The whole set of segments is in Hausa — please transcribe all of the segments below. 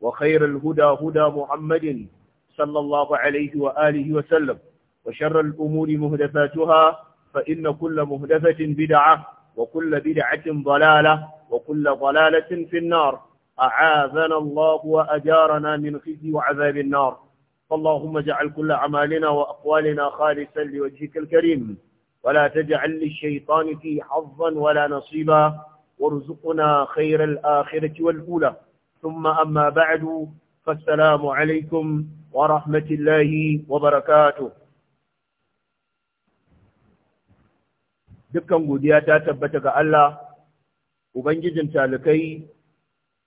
وخير الهدى هدى محمد صلى الله عليه وآله وسلم وشر الأمور مهدفاتها فإن كل مهدفة بدعة وكل بدعة ضلالة وكل ضلالة في النار أعاذنا الله وأجارنا من خزي وعذاب النار فاللهم اجعل كل أعمالنا وأقوالنا خالصا لوجهك الكريم ولا تجعل للشيطان فيه حظا ولا نصيبا وارزقنا خير الآخرة والأولى ثم أما بعد فالسلام عليكم ورحمة الله وبركاته dukkan godiya ta tabbata ga Allah, Ubangijin talikai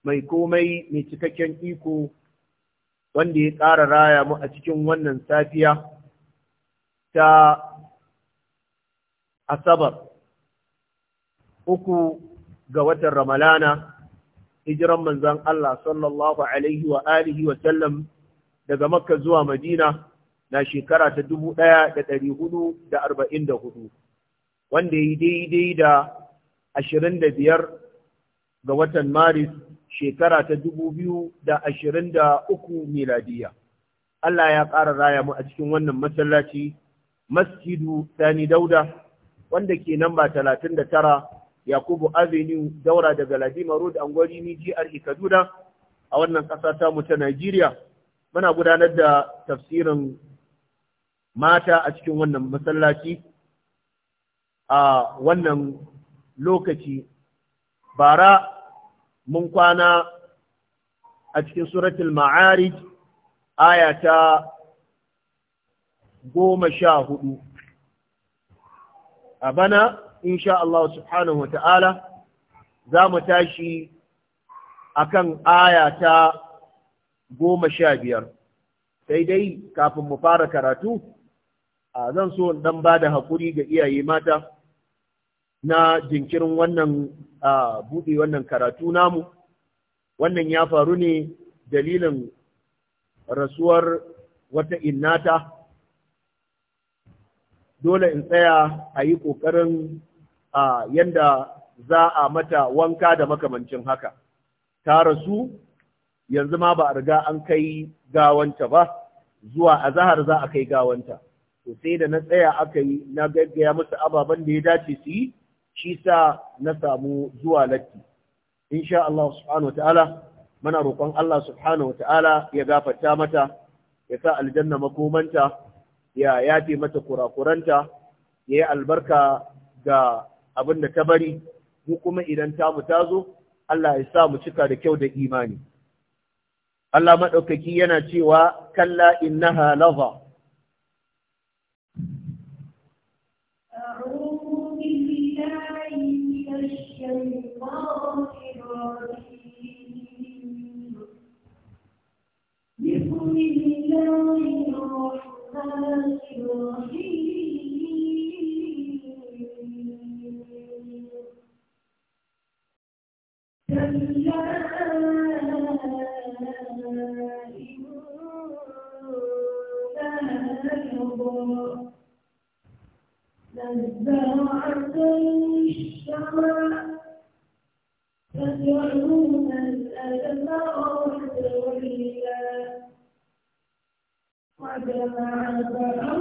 mai komai mai cikakken iko wanda ya ƙara raya mu a cikin wannan safiya ta Asabar, uku ga watan Ramalana, hijiran manzan Allah sallallahu alaihi wa alihi wa sallam daga Makka zuwa Madina na shekara ta dubu ɗaya da ɗari hudu da arba'in da hudu, wanda ya yi daidai da ashirin da biyar ga watan Maris shekara ta dubu biyu da ashirin da uku miladiya. Allah ya ƙara raya mu a cikin wannan masallaci, Masjidu Sani Dauda, wanda ke namba talatin da tara Yakubu Avenue daura daga Ladima Road Angwari ni GR e Kaduna a wannan ƙasa ta mu ta Najeriya muna gudanar da tafsirin mata a cikin wannan masallaci a wannan lokaci bara mun kwana a cikin suratul ma'arij aya ta goma sha hudu a bana insha Allah subhanahu wa ta'ala za mu tashi a kan aya ta goma sha biyar daidai kafin mu fara karatu a zan so in dan ba da haƙuri ga iyaye mata na jinkirin wannan buɗe wannan karatu namu wannan ya faru ne dalilin rasuwar wata innata dole in tsaya a yi ƙoƙarin a yanda za a mata wanka da makamancin haka ta rasu yanzu ma ba a riga an kai gawanta ba zuwa a zahar za a kai gawanta to sai da na tsaya aka yi na gaggaya musu ababen da ya dace su yi shi sa na samu zuwa latti insha Allah subhanahu wa ta'ala muna roƙon Allah subhanahu wa ta'ala ya gafarta mata ya sa aljanna makomanta ya yafe mata kurakuranta ya yi albarka ga abin da ta bari mu kuma idan tamu ta zo Allah ya sa mu cika da kyau da imani Allah maɗaukaki yana cewa kalla inna laza بسم الله الرحمن الرحيم نزاعة للشمع تدعون الأدبار والإله وجمع فرعون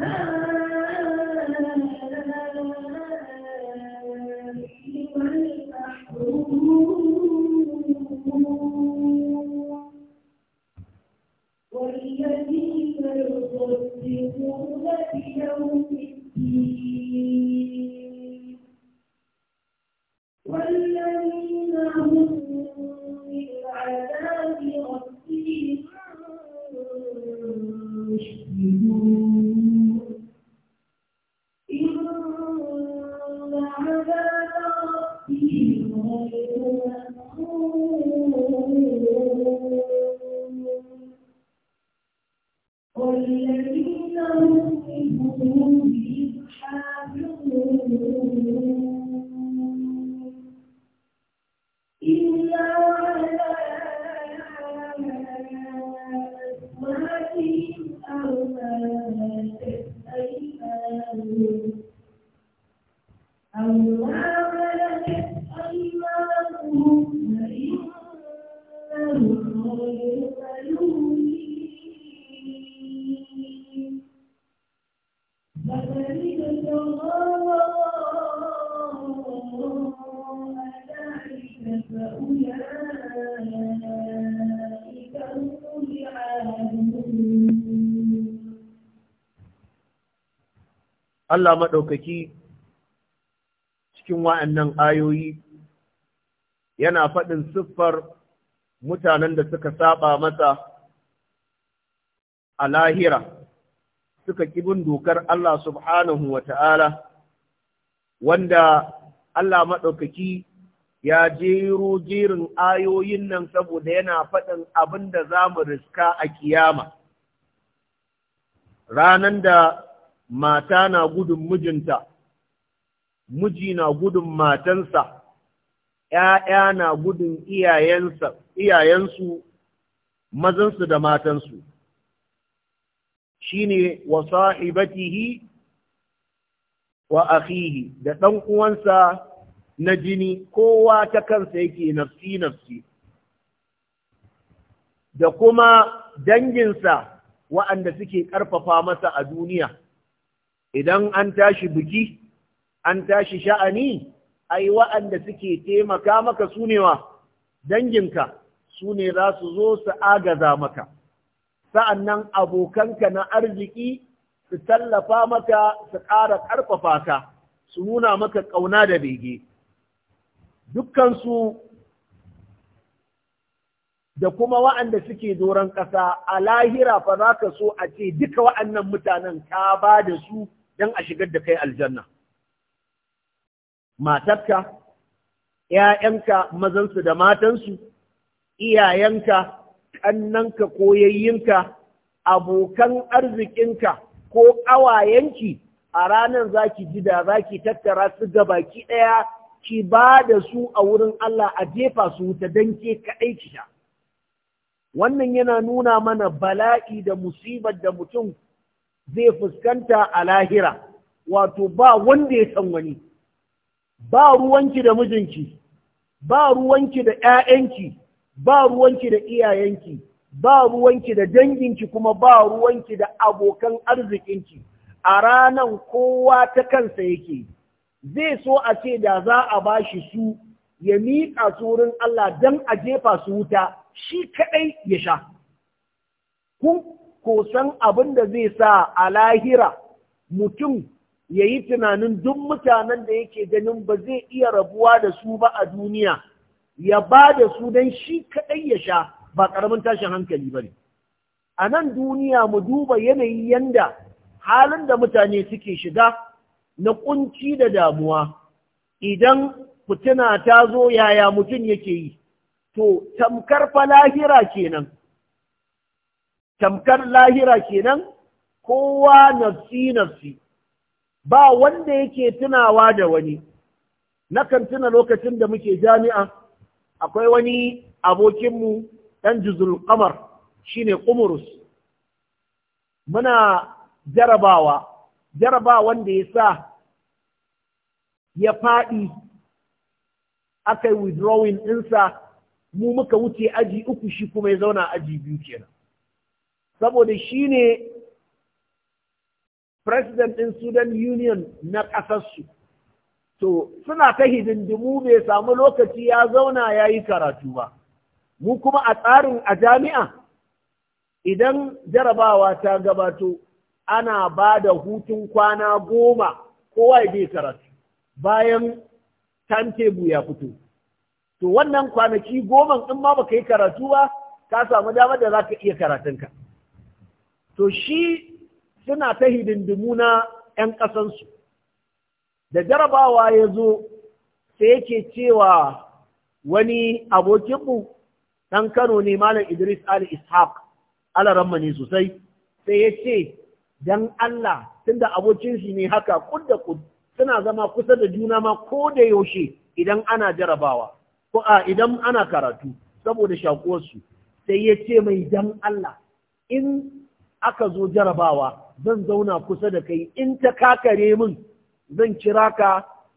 Ah! Allah maɗaukaki cikin wa'annan ayoyi yana faɗin siffar mutanen da suka saba masa a lahira suka bin dokar Allah subhanahu wa ta'ala wanda Allah maɗaukaki ya jero jerin ayoyin nan saboda yana faɗin abin da za mu riska a kiyama. Ranan da mata na gudun mijinta, miji na gudun matansa, ‘ya'ya na gudun iyayensu, mazansu da matansu. Shi ne wa sahibatihi wa akhihi da ɗan uwansa na jini kowa ta kansa yake nafsi-nafsi. Da kuma danginsa wa'anda suke ƙarfafa masa a duniya. idan an tashi biki an tashi sha'ani ai wa'anda suke taimaka maka su danginka su ne za su zo su agaza maka sa'annan abokanka na arziki su tallafa maka su ƙara ƙarfafa ka su nuna maka ƙauna da bege dukkansu da kuma wa'anda suke doron ƙasa a lahira fa za ka so a ce duka wa'annan mutanen ka ba da su don a shigar da kai aljanna matarka ‘ya'yanka mazansu da matansu iyayenka ƙannanka ko yayyinka abokan arzikinka ko ƙawayenki a ranar za ki ji da za ki tattara su ga baki ɗaya ki ba da su a wurin Allah a jefa su wuta don ke kaɗai ki sha. Wannan yana nuna mana bala'i da musibar da mutum zai fuskanta a lahira wato ba wanda ya san wani ba ruwanki da mijinki ba ruwanki da 'ya'yanki ba ruwanki da iyayenki ba ruwanki da danginki kuma ba ruwanki da abokan arzikinki a ranan kowa ta kansa yake zai so a ce da za a bashi su ya miƙa su Allah don a jefa su wuta shi kaɗai ya sha. Ku. kosan abin da zai sa a lahira mutum ya yi tunanin duk mutanen da yake ganin ba zai iya rabuwa da su ba a duniya ya ba da su don shi kaɗai ya sha ba ƙaramin tashin hankali ba ne. A nan duniya mu duba yanayi yanda halin da mutane suke shiga na ƙunci da damuwa idan fitina ta zo yaya mutum yake yi, to tamkar falahira kenan. tamkar lahira kenan kowa nafsi nafsi ba wanda yake tunawa da wani nakan tuna lokacin da muke jami'a akwai wani abokinmu ɗan juzul kamar shine kumurus muna jarabawa Jaraba wanda ya sa ya faɗi aka yi withdrawing ɗinsa mu muka wuce aji uku shi kuma ya zauna aji biyu kenan saboda shi ne president ɗin Sudan Union na ƙasarsu. To, suna ta hidindimu bai samu lokaci ya zauna ya yi karatu ba. Mu kuma a tsarin a jami'a, idan jarabawa ta gabato, ana ba da hutun kwana goma kowa ya bai karatu bayan timetable ya fito. To, wannan kwanaki goma in ma baka yi karatu ba, ka samu damar da za ka iya karatunka. to shi suna ta hidindimu na 'yan ƙasansu da jarabawa ya zo sai yake cewa wani abokinmu ɗan kano ne malam idris ali ishaq alaramma ne sosai sai ya ce don allah tunda abokin shi ne haka da kud suna zama kusa da juna ma ko da yaushe idan ana jarabawa ko a idan ana karatu saboda shakuwarsu sai ya ce mai don allah in aka zo jarabawa zan zauna kusa da kai in ta kakare min zan kira ka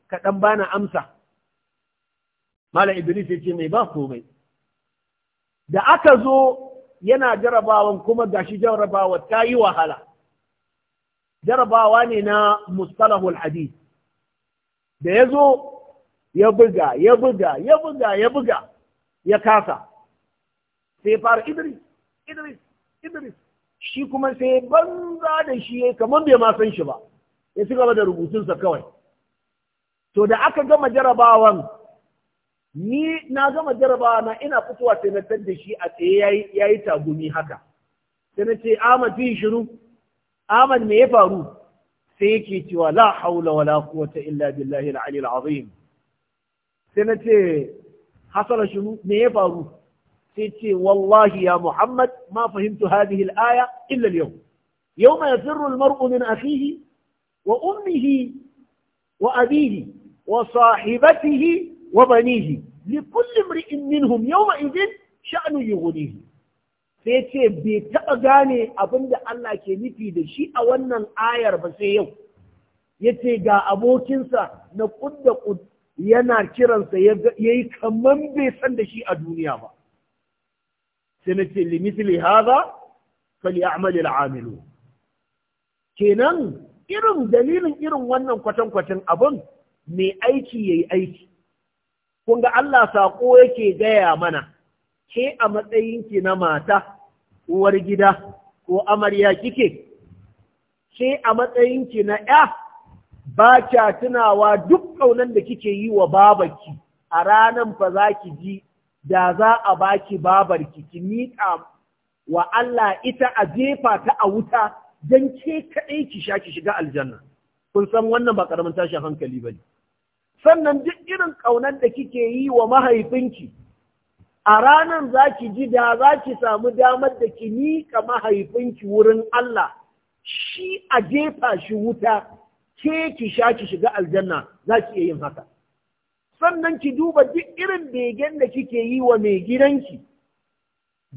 ka dan bana amsa mala iblis yace mai ba komai da aka zo yana jarabawan kuma gashi jarabawa ta yi wahala jarabawa ne na mustalahul hadith da ya zo ya buga ya buga ya buga ya buga ya kasa sai fara idris idris idris shi kuma sai banza da shi ya kamar bai ma san shi ba ya su gaba da rubutunsa kawai to da aka gama jarabawan ni na gama jarabawa na ina fitowa sai na da shi a tsaye ya yi tagumi haka sai na ce ahmad fi shiru ahmad me ya faru sai yake cewa la haula wala quwwata illa billahi al-ali al-azim sai na ce hasara shiru me ya faru sai ce wallahi ya Muhammad ma fahimtu hadhihi aya illa yau. yawm yawma yafirru al-mar'u wa ummihi wa abihi wa sahibatihi wa banihi li kulli imri'in minhum yawma idhin sha'nu yughnihi sai ce bai taɓa gane abin da Allah ke nufi da shi a wannan ayar ba sai yau ya ce ga abokinsa na ƙudda ƙud yana kiransa ya yi kamar bai san da shi a duniya ba sai na ce limithli hadha falyamal al'amilu kenan irin dalilin irin wannan kwatankwacin abin mai aiki yayi aiki kun ga Allah saƙo yake gaya mana ke a matsayin ki na mata uwar gida ko amarya kike ke a matsayin ki na ya ba kya tunawa duk ƙaunar da kike yi wa babaki a ranan fa za ki ji da za a baki babar ki miƙa wa Allah ita a jefa ta a wuta don ke kaɗai ki sha ki shiga aljanna. Kun san wannan ba ƙaramin tashin hankali ba ne. Sannan duk irin ƙaunar da kike yi wa mahaifinki, a ranar za ki ji da za ki samu damar da ki miƙa mahaifinki wurin Allah, shi a jefa shi wuta, ke ki sha ki shiga aljanna za ki iya yin haka. sannan ki duba duk irin begen da kike yi wa mai gidanki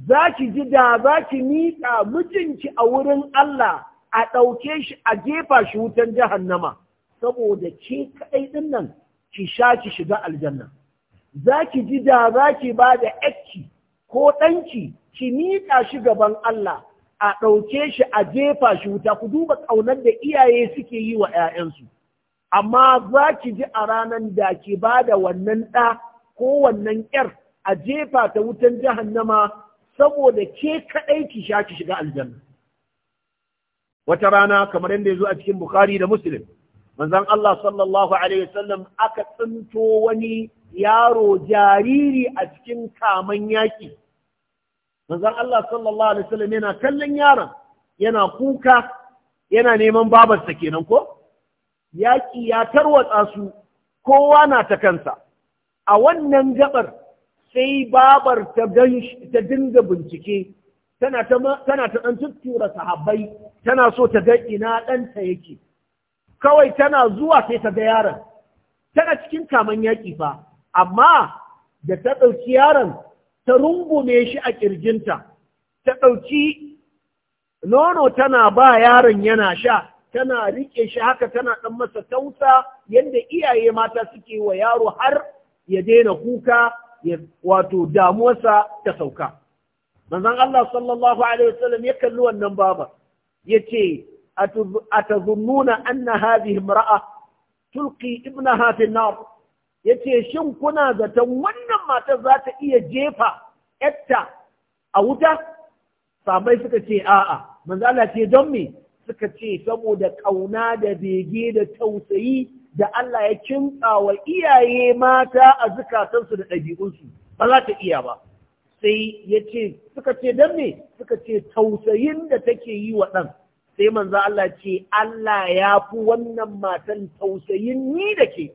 za ki ji da za ki miƙa mijinki a wurin Allah a ɗauke shi a jefa shi wutan jahannama saboda ke kaɗai ɗin nan ki sha ki shiga aljanna za ki ji da za ki ba da ƴakki ko ɗanki ki miƙa shi gaban Allah a ɗauke shi a jefa shi wuta ku duba ƙaunar da iyaye suke yi wa ‘ya'yansu. amma za ki ji a ranar da ki ba da wannan ɗa ko wannan ƴar a jefa ta wutan jahannama saboda ke kaɗai ki sha ki shiga aljanna wata rana kamar yadda ya zo a cikin bukhari da muslim manzan Allah sallallahu alaihi wasallam aka tsinto wani yaro jariri a cikin kaman yaƙi manzon Allah sallallahu alaihi wasallam yana kallon yaron yana kuka yana neman babarsa kenan ko yaƙi ya tarwatsa su kowa na ta kansa a wannan gabar sai babar ta dinga bincike tana ta ɗan tuttura sahabbai tana so ta ga ina ɗanta yake kawai tana zuwa sai ta ga yaron tana cikin kaman yaƙi fa amma da ta ɗauki yaron ta rungume shi a ƙirjinta ta ɗauki nono tana ba yaron yana sha tana riƙe shi haka tana ɗan masa tausa yadda iyaye mata suke wa yaro har ya daina kuka ya wato damuwarsa ta sauka. Manzon Allah sallallahu Alaihi wasallam ya kalli wannan baba ya ce, "Atazunnuna anna hadhihi imra'a tulqi ibnaha fi nar." Ya ce, "Shin kuna zaton wannan matar za ta iya jefa ‘yarta a wuta?" Sabai suka ce, "A'a, manzon ce don me?" suka ce saboda ƙauna da bege da tausayi da Allah ya kimtsa wa iyaye mata a zukatansu da ɗabi'unsu ba za ta iya ba sai ya ce suka ce don me suka ce tausayin da take yi wa ɗan sai manzo Allah ce Allah ya fi wannan matan tausayin ni da ke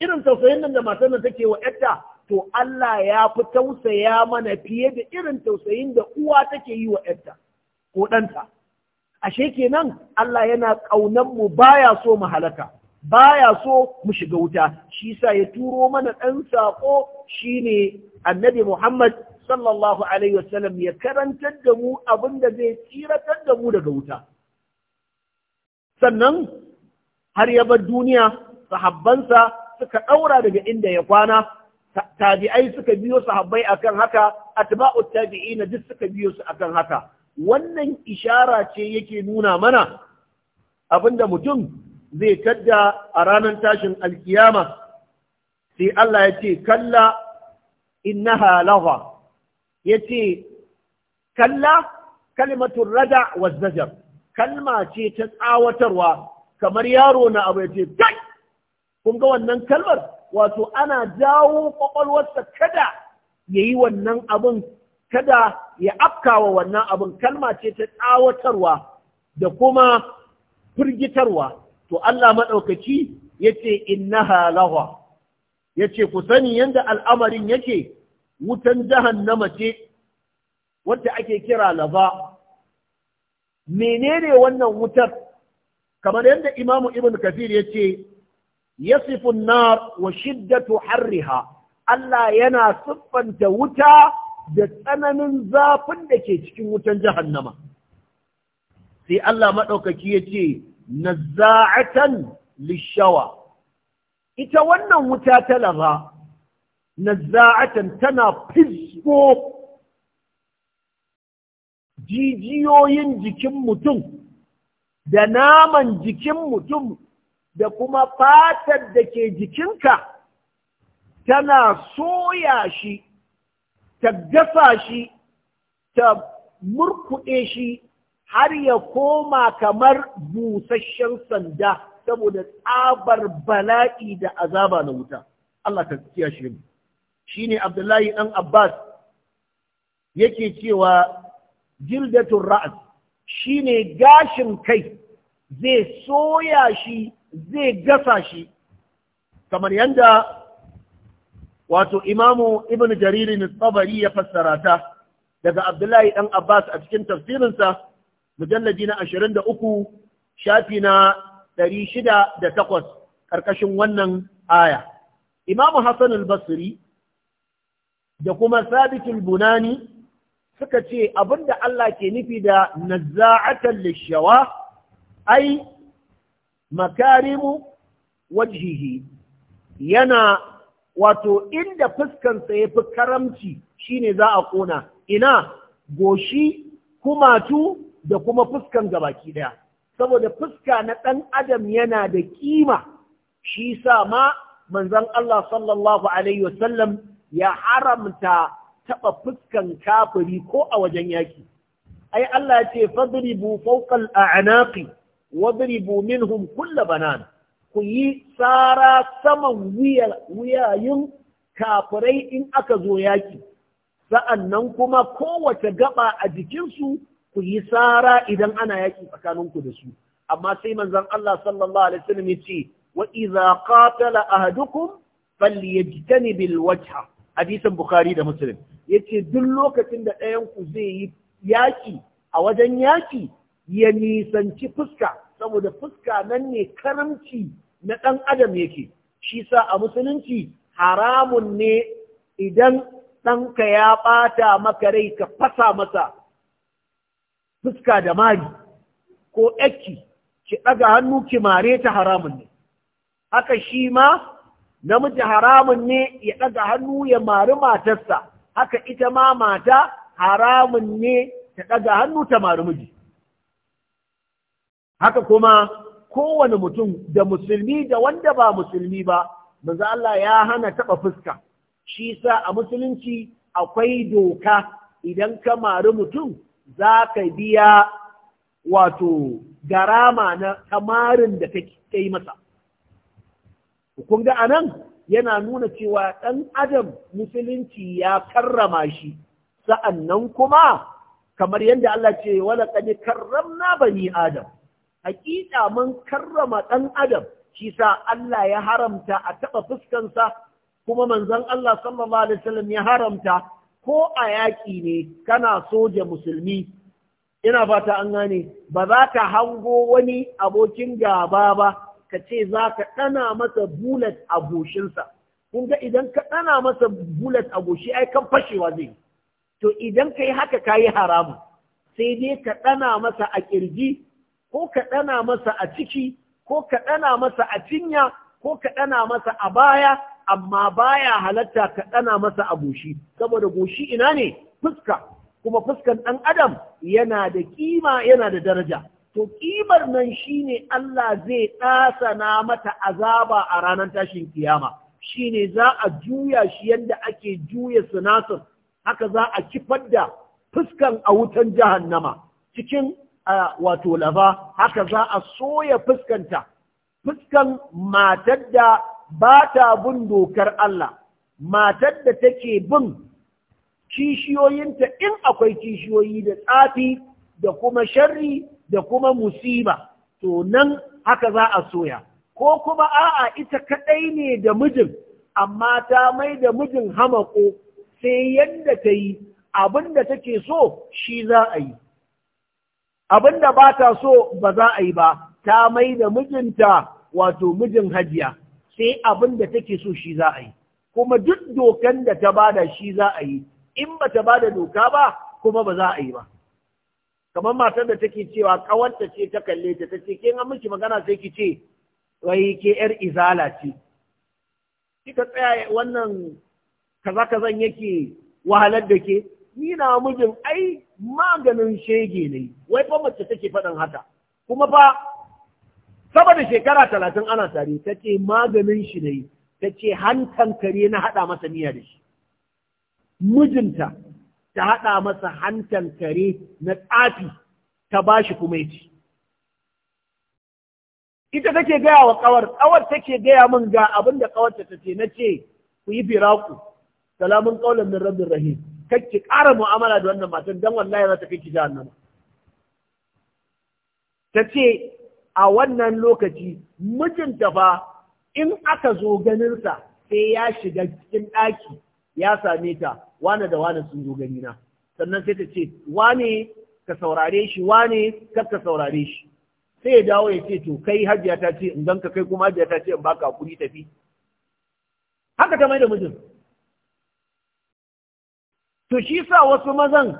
irin tausayin nan da matan nan take wa ‘yarta, to Allah ya fi tausaya mana fiye da irin tausayin da uwa take yi wa ‘yarta ko ɗanta. ashe kenan Allah yana ƙaunar mu baya so mu halaka baya so mu shiga wuta shi sa ya turo mana ɗan saƙo shine annabi Muhammad sallallahu alaihi wasallam ya karantar da mu abin da zai tsiratar da mu daga wuta sannan har ya bar duniya sahabbansa suka ɗaura daga inda ya kwana tabi'ai suka biyo sahabbai akan haka atba'ut tabi'ina duk suka biyo su akan haka wannan ishara ce yake nuna mana abinda mutum zai tadda a ranar tashin alkiyama sai Allah ya ce kalla inna halawa, ya ce kalla kalmatun rada wa kalma ce ta tsawatarwa kamar yaro na abu ya ce kai kun ga wannan kalmar wato ana jawo kwakwalwarsa kada ya yi wannan abin kada ya afkawa wannan abin kalma ce ta tsawatarwa da kuma firgitarwa to Allah maɗaukaci ya ce innaha lahwa ya ce ku sani yadda al'amarin yake wutan na mace wadda ake kira lava menene wannan wutar kamar yadda imamu ibn kafir ya ce ya nar wa shiddatu harriha Allah yana siffanta wuta da tsananin zafin da ke cikin wutan jahannama sai Allah maɗaukaki ya ce na za'atan lishawa ita wannan wuta ta na za'atan tana fisko jijiyoyin jikin mutum da naman jikin mutum da kuma fatar da ke jikinka tana soya shi ta gasa shi ta murkuɗe shi har ya koma kamar busasshen sanda saboda tsabar bala'i da azaba na wuta Allah ta ne Shi ne Abdullahi Ɗan Abbas yake cewa jildatul ra'as ne gashin kai zai soya shi zai gasa shi kamar yadda. wato imamu ibn jaririn tsabari ya fassara ta daga abdullahi ɗan abbas a cikin tafsirinsa mujallaji na ashirin da uku shafi na ɗari shida da takwas ƙarƙashin wannan aya imamu hassan al-basri da kuma sabitul bunani suka ce abinda Allah ke nufi da nazza'atan lishawa ai makarimu wajihi. yana wato inda fuskansa ya fi karamci shine za a kona ina goshi kumatu da kuma fuskan gabaki daya saboda fuska na ɗan adam yana da kima shi sa ma manzon Allah sallallahu alaihi wasallam ya haramta taɓa fuskan kafiri ko a wajen yaki ai Allah ya ce fadribu fawqa al-a'naqi wadribu minhum kulla banana ku yi tsara saman wuyayin kafirai in aka zo yaki nan kuma kowace gaba a jikinsu ku yi tsara idan ana yaki tsakaninku da su amma sai manzan Allah sallallahu alaihi wasallam ya ce wa idza qatala ahadukum bil wajha hadisin bukhari da Ya ce duk lokacin da ɗayanku zai yi yaki a wajen yaki ya nisanci fuska saboda fuska nan ne karamci na ɗan adam yake shi sa a musulunci haramun ne idan ɗanka ya ɓata maka rai ka fasa masa fuska da mari ko ekki ki ɗaga hannu ki mare ta haramun ne haka shi ma namiji haramun ne ya ɗaga hannu ya mari matarsa haka ita ma mata haramun ne ta ɗaga hannu ta mari miji haka kuma kowane mutum da musulmi da wanda ba musulmi ba maza Allah ya hana taɓa fuska shi sa a musulunci akwai doka idan ka mari mutum za ka biya wato garama na kamarin da ka yi masa kun ga anan yana nuna cewa ɗan adam musulunci ya karrama shi sa'annan kuma kamar yadda Allah ce wala kani karramna bani adam hakika mun karrama ɗan adam shi sa Allah ya haramta a taɓa fuskansa kuma manzon Allah sallallahu alaihi wasallam ya haramta ko a yaƙi ne kana soja musulmi ina fata an gane ba za ka hango wani abokin gaba ba ka ce za ka ɗana masa bulat a goshinsa kun ga idan ka ɗana masa bulat a goshi ai kan fashewa zai to idan ka yi haka ka yi haramu, sai dai ka ɗana masa a ƙirji ko ka ɗana masa a ciki ko ka ɗana masa a cinya ko ka ɗana masa a baya amma baya halatta ka ɗana masa a goshi saboda goshi ina ne fuska kuma fuskan ɗan adam yana da kima yana da daraja to kimar nan shine Allah zai ɗasa na mata azaba a ranar tashin kiyama Shi ne za a juya shi yadda ake juya sinasir haka za a kifar da fuskan a wutan jahannama cikin wato lafa haka za a soya fuskanta fuskan matar da ba ta bin dokar Allah matar da take bin kishiyoyinta in akwai kishiyoyi da tsafi da kuma sharri da kuma musiba to nan haka za a soya ko kuma a'a ita kadai ne da mijin amma ta mai da mijin hamako sai yadda ta yi abin da take so shi za a yi abin da ba ta so ba za a yi ba ta mai da mijinta wato mijin hajiya sai abin da take so shi za a yi kuma duk dokan da ta ba da shi za a yi in ba ta bada doka ba kuma ba za a yi ba kamar matar da take cewa kawanta ce ta kalle ta tace ke an miki magana sai ki ce wai ke yar izala ce kika tsaya wannan kaza kazan yake wahalar da ke ni na mijin ai maganin shege ne wai fa mace take faɗin haka kuma fa saboda shekara talatin ana tare ta ce maganin shi ne ta ce kare na haɗa masa miya da shi mijinta ta haɗa masa hantan kare na tsafi ta ba shi kuma ci ita take gaya wa ƙawar kawar take gaya min ga abin da kawarta ta ce na ce ku yi firaku salamun kaulan min rabin rahim kake ƙara mu'amala da wannan matan don wallahi za ta kai ki jahannama ta ce a wannan lokaci mijinta fa in aka zo ganinsa sai ya shiga cikin ɗaki ya same ta wane da wane sun zo ganina sannan sai ta ce wane ka saurare shi wane kar ka saurare shi sai ya dawo ya ce to kai hajiya ta ce in ganka kai kuma hajiya ta ce in baka hakuri tafi haka ta mai da mijin to shi sa wasu mazan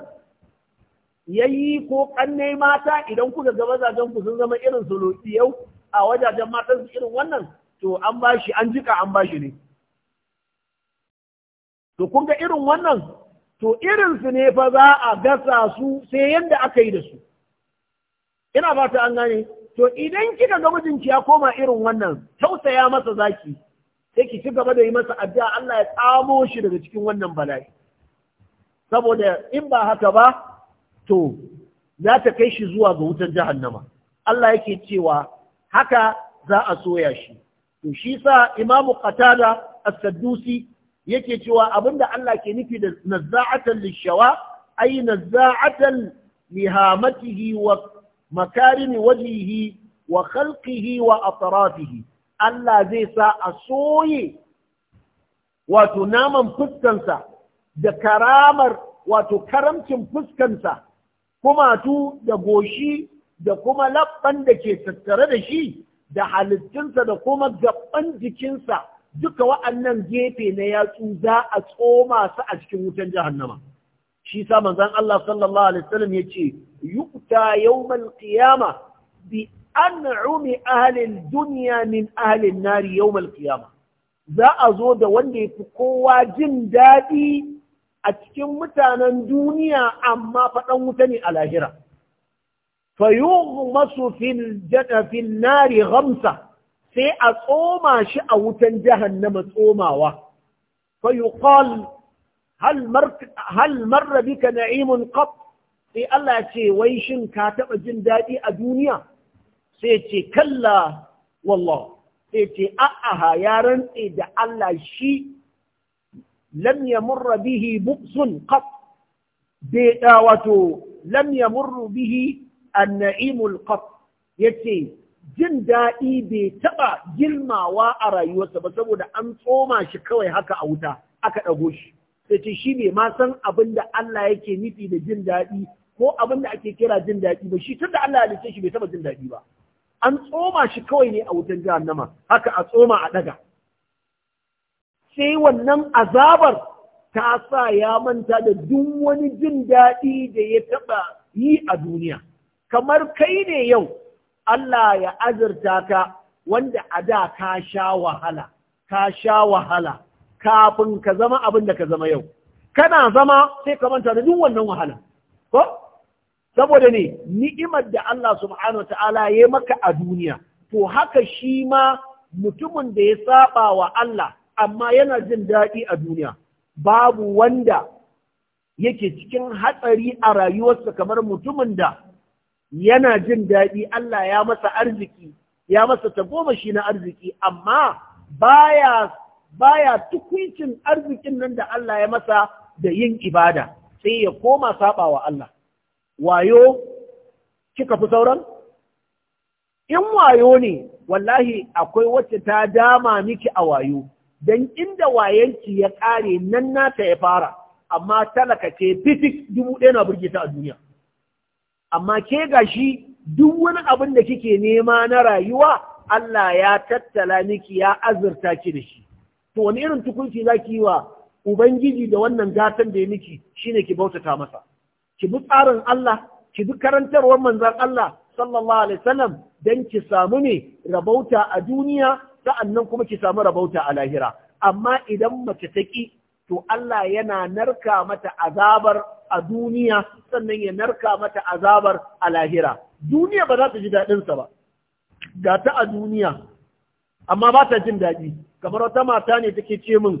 yayi ko kanne mata idan kuka ga mazajen ku sun zama irin su yau a wajajen matan su irin wannan to an shi an jika an bashi ne to kun ga irin wannan to irinsu ne fa za a gasa su sai yadda aka yi da su ina ta an gane to idan kika ga mijinki ya koma irin wannan tausaya masa zaki sai ki ci gaba da yi masa addu'a Allah ya tsamo shi daga cikin wannan bala'i saboda in ba haka ba to za ta kai shi zuwa ga wutar jahannama Allah yake cewa haka za a soya shi to shi sa imamu qatada as-saddusi yake cewa abinda Allah ke nufi da nazza'atan lishawa ay nazza'atan lihamatihi wa makarim wajhihi wa khalqihi wa atrafihi Allah zai sa a soye wato naman fuskansa da karamar wato karamcin fuskansa kumatu da goshi da kuma labban da ke tattare da shi da halittunsa da kuma gaban jikinsa duka wa'annan gefe na yatsu za a tsoma su a cikin wutan jahannama shi sa manzon Allah sallallahu alaihi wasallam yace yu'ta yawmal qiyama bi an'umi ahli dunya min ahli an-nar yawmal qiyama za a zo da wanda yafi kowa jin daɗi a cikin mutanen duniya amma faɗan wuta ne a lahira. Fayu masu fil nari gamsa sai a tsoma shi a wutan jahannama tsomawa. Fayu hal marra ka na'imun qat sai Allah ce wai shin ka taɓa jin daɗi a duniya? Sai ce kalla wallah sai ce a'aha ya rantse da Allah shi lam yamurra bihi bubsun qat bai ah, wato lam yamurru bihi annaimul qat yace jin daɗi bai taɓa girmawa a rayuwarsa ba saboda an tsoma shi kawai haka a wuta aka ɗago shi sai shi bai ma san abin da Allah yake nufi da jin daɗi ko abin da ake kira jin daɗi ba shi tun da Allah ya halice shi bai taɓa jin daɗi ba an tsoma shi kawai ne a wutan jahannama haka a tsoma a ɗaga sai wannan azabar ta sa ya manta da duk wani jin daɗi da ya taɓa yi a duniya kamar kai ne yau Allah ya azurta ka wanda a da ka sha wahala ka sha wahala kafin ka zama abin da ka zama yau kana zama sai ka manta da duk wannan wahala ko saboda ne ni'imar da Allah subhanahu Ta'ala ya maka a duniya to haka shi ma mutumin da ya saba wa Allah amma yana jin daɗi a duniya babu wanda yake cikin hatsari a rayuwarsa kamar mutumin da yana jin daɗi Allah ya masa arziki ya masa tagomashi na arziki amma baya baya tukwicin arzikin nan da Allah ya masa da yin ibada sai ya koma saba wa Allah wayo kika fi sauran in wayo ne wallahi akwai wacce ta dama miki a wayo don inda wayanki ya ƙare nan nata ya fara amma talaka ce fitik dubu ɗaya na burgita a duniya amma ke gashi duk wani abin da kike nema na rayuwa Allah ya tattala miki ya azurta ki da shi to wani irin tukunci za ki yi wa ubangiji da wannan gatan da ya miki shine ki bautata masa ki bi tsarin Allah ki bi karantarwar manzon Allah sallallahu alaihi wasallam dan ki samu ne rabauta a duniya sa'annan kuma ki samu rabauta a lahira amma idan mace ta ƙi to Allah yana narka mata azabar a duniya sannan ya narka mata azabar a lahira duniya ba za ta ji daɗinsa ba ga ta a duniya amma ba ta jin daɗi kamar wata mata ne take ce min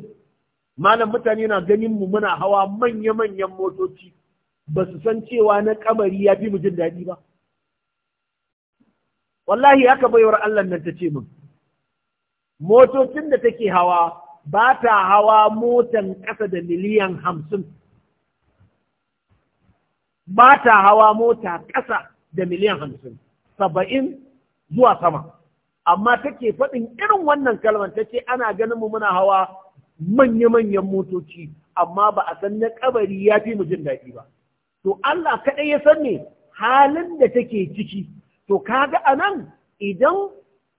malam mutane na ganin mu muna hawa manya-manyan motoci ba su san cewa na kamari ya fi mu jin daɗi ba wallahi haka baiwar Allah nan ta ce min motocin da take hawa ba ta hawa motan ƙasa da miliyan hamsin ba ta hawa mota ƙasa da miliyan hamsin saba'in zuwa sama amma take faɗin irin wannan kalmar ta ce ana ganin mu muna hawa manya-manyan motoci amma ba a san na ƙabari ya fi mu jin daɗi ba to Allah kaɗai ya san ne halin da take ciki to kaga anan idan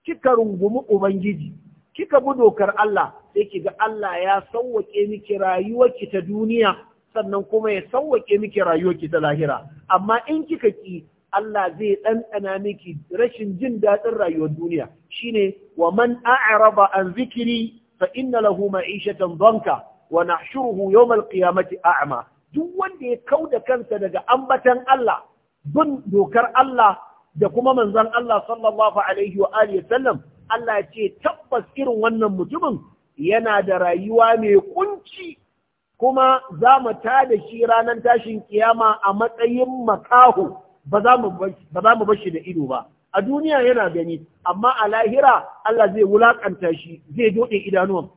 kika rungumi ubangiji kika bi dokar Allah sai ki ga Allah ya sauwake miki rayuwarki ta duniya sannan kuma ya sauwake miki rayuwarki ta lahira amma in kika ki Allah zai ɗanɗana miki rashin jin daɗin rayuwar duniya shine wa man a'raba an zikiri fa inna lahu ma'ishatan banka wa nahshuruhu yawmal qiyamati a'ma duk wanda ya kauda kansa daga ambatan Allah bin dokar Allah da kuma manzon Allah sallallahu alaihi wa alihi sallam Allah ce tabbas irin wannan mutumin yana da rayuwa mai kunci kuma za mu ta da shi ranar tashin kiyama a matsayin makaho ba za mu bar shi da ido ba a duniya yana gani amma a lahira Allah zai wulakanta shi zai dode idanuwan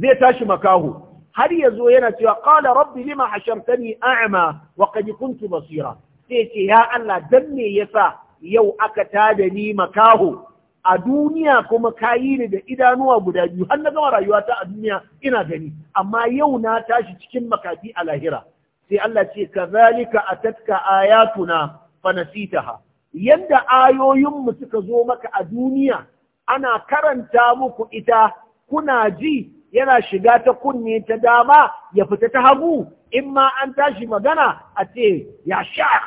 zai tashi makaho har ya zo yana cewa qala rabbi lima hashartani a'ma wa qad kuntu basira sai ce ya Allah dan me yasa yau aka tada ni makaho a duniya kuma kayi ne da idanuwa guda biyu har na gama rayuwata a duniya ina gani amma yau na tashi cikin makafi a lahira sai Allah ce ka a tatka ayatuna fanasitaha yadda ayoyin mu suka zo maka a duniya ana karanta muku ita kuna ji yana shiga ta kunne ta dama ya fita ta hagu in ma an tashi magana a ce ya sha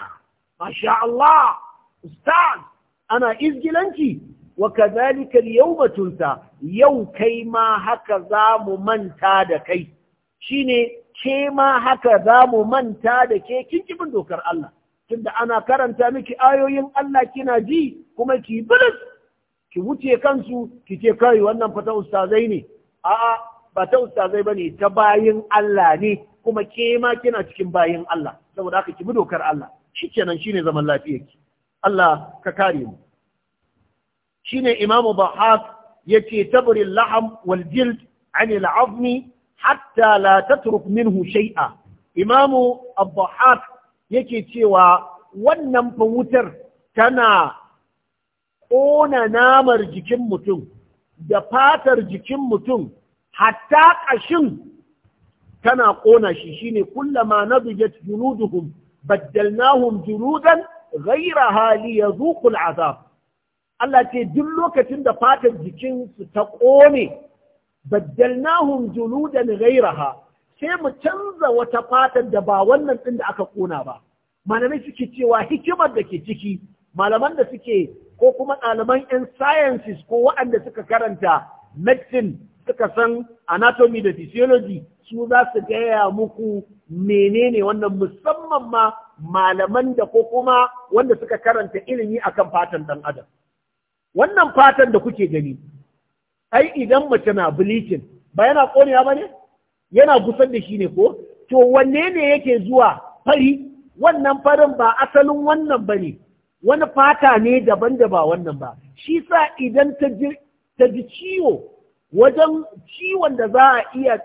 masha Allah ustaz ana izgilanci wa kadhalika al-yawma tunsa yau kai ma haka za mu manta da kai shine ke ma haka za mu manta da ke kin kibin dokar Allah tunda ana karanta miki ayoyin Allah kina ji kuma ki bilis ki wuce kansu ki ce kai wannan fata ustazai ne a'a ba ta ustazai bane ta bayin Allah ne kuma ke ma kina cikin bayin Allah saboda haka ki bi dokar Allah shikenan shine zaman lafiyarki Allah ka kare mu shine imamu bahas yace tabri laham wal jild an al azmi hatta la tatruk minhu shay'a imamu abbahat yake cewa wannan fawutar tana ƙona namar jikin mutum da fatar jikin mutum hatta ƙashin tana ƙona shi shine kullama nadijat junuduhum baddalnahum junudan ghayra hali ya yazuqul azab Allah ce duk lokacin da fatar jikinsu ta ƙone, baddalnahum juludan ghairaha sai mu canza wata fatar da ba wannan ɗin da aka ƙona ba. Malamai suke cewa hikimar da ke ciki, malaman da suke ko kuma ɗaliban 'yan sciences ko waɗanda suka karanta medicine suka san anatomy da physiology su za su gaya muku menene wannan musamman ma malaman da ko kuma wanda suka karanta ilimi akan fatan ɗan adam. wannan fatan da kuke gani ai idan mace na bleaching ba yana konewa ba ne yana gusar da shi ne ko to wanne ne yake zuwa fari wannan farin ba asalin wannan ba wani fata ne daban da ba wannan ba shi sa idan ta ji ciwo wajen ciwon da za a iya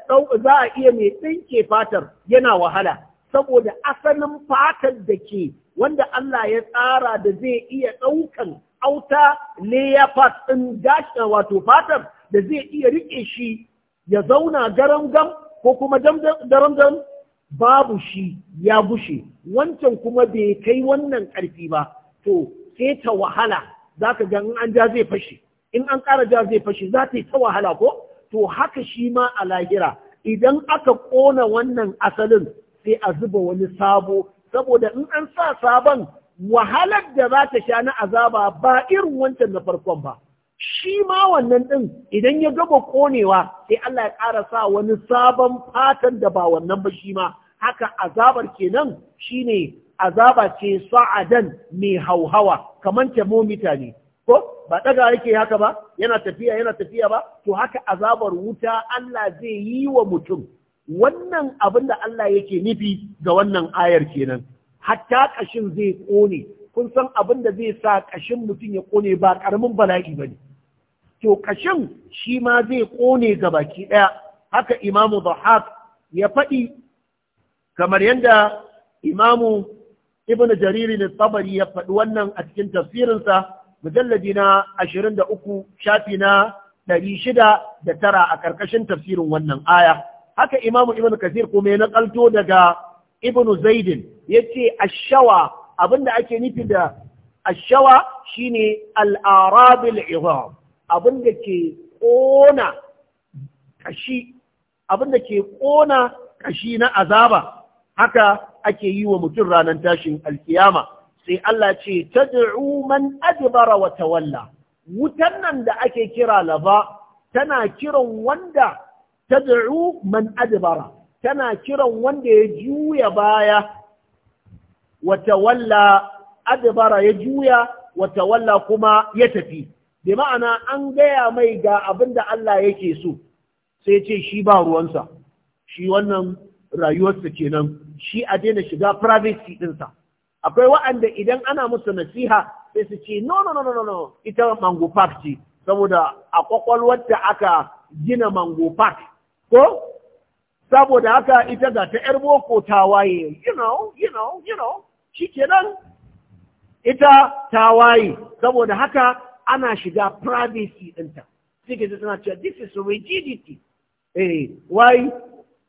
za a iya mai tsinke fatar yana wahala saboda asalin fatar da ke wanda Allah ya tsara da zai iya ɗaukan auta layafas ɗin gashin wato fatar da zai iya riƙe shi ya zauna garangam? ko kuma garangam? babu shi ya gushe wancan kuma bai kai wannan ƙarfi ba to sai ta wahala za ka ga in an ja zai fashe in an ƙara ja zai fashe za ta yi ta wahala ko to haka shi ma a lahira idan aka ƙona wannan asalin sai a zuba wani sabo saboda in an sa sabon wahalar da za ta sha na azaba ba irin wancan na farkon ba shi ma wannan ɗin idan ya gaba konewa sai Allah ya ƙara sa wani sabon fatan da ba wannan ba shi ma haka azabar kenan shi ne azaba ce sa'adan mai hauhawa kamar thermometer ne ko ba ɗaga yake haka ba yana tafiya yana tafiya ba to haka azabar wuta Allah zai yi wa mutum wannan abin da Allah yake nufi ga wannan ayar kenan hatta ƙashin zai ƙone kun san abin da zai sa ƙashin mutum ya ƙone ba ƙaramin bala'i ba ne to ƙashin shi ma zai ƙone ga baki ɗaya haka imamu Bahak ya faɗi kamar yadda imamu ibn jariri na tabari ya faɗi wannan a cikin tafsirinsa mujalladi na ashirin da shafi na ɗari shida da tara a ƙarƙashin tafsirin wannan aya haka imamu ibn kasir kuma ya naƙalto daga ibnu zaidin yace ashawa abinda ake nufi da ashawa shine al-arabil izam abinda ke ƙona kashi abinda ke kashi na azaba haka ake yi wa mutum ranar tashin alkiyama sai Allah ce tad'u man adbara wa tawalla wutan nan da ake kira laba tana kiran wanda tad'u man adbara tana kiran wanda ya juya baya wata walla adabara ya juya wata walla kuma ya tafi Da ma'ana an gaya mai ga abinda da Allah yake so sai ce shi ba ruwansa shi wannan rayuwarsa kenan shi a daina shiga privacy ɗinsa akwai wa'anda idan ana musu nasiha sai su ce no no no no no ita mango park ce saboda a kwakwalwar da aka gina mango park ko saboda haka ita ga ta ‘yar boko ta waye, you know, you know, you know, shi kenan ita ta waye, saboda haka ana shiga privacy ɗinta. Suke ta suna cewa this is rigidity. Eh, why?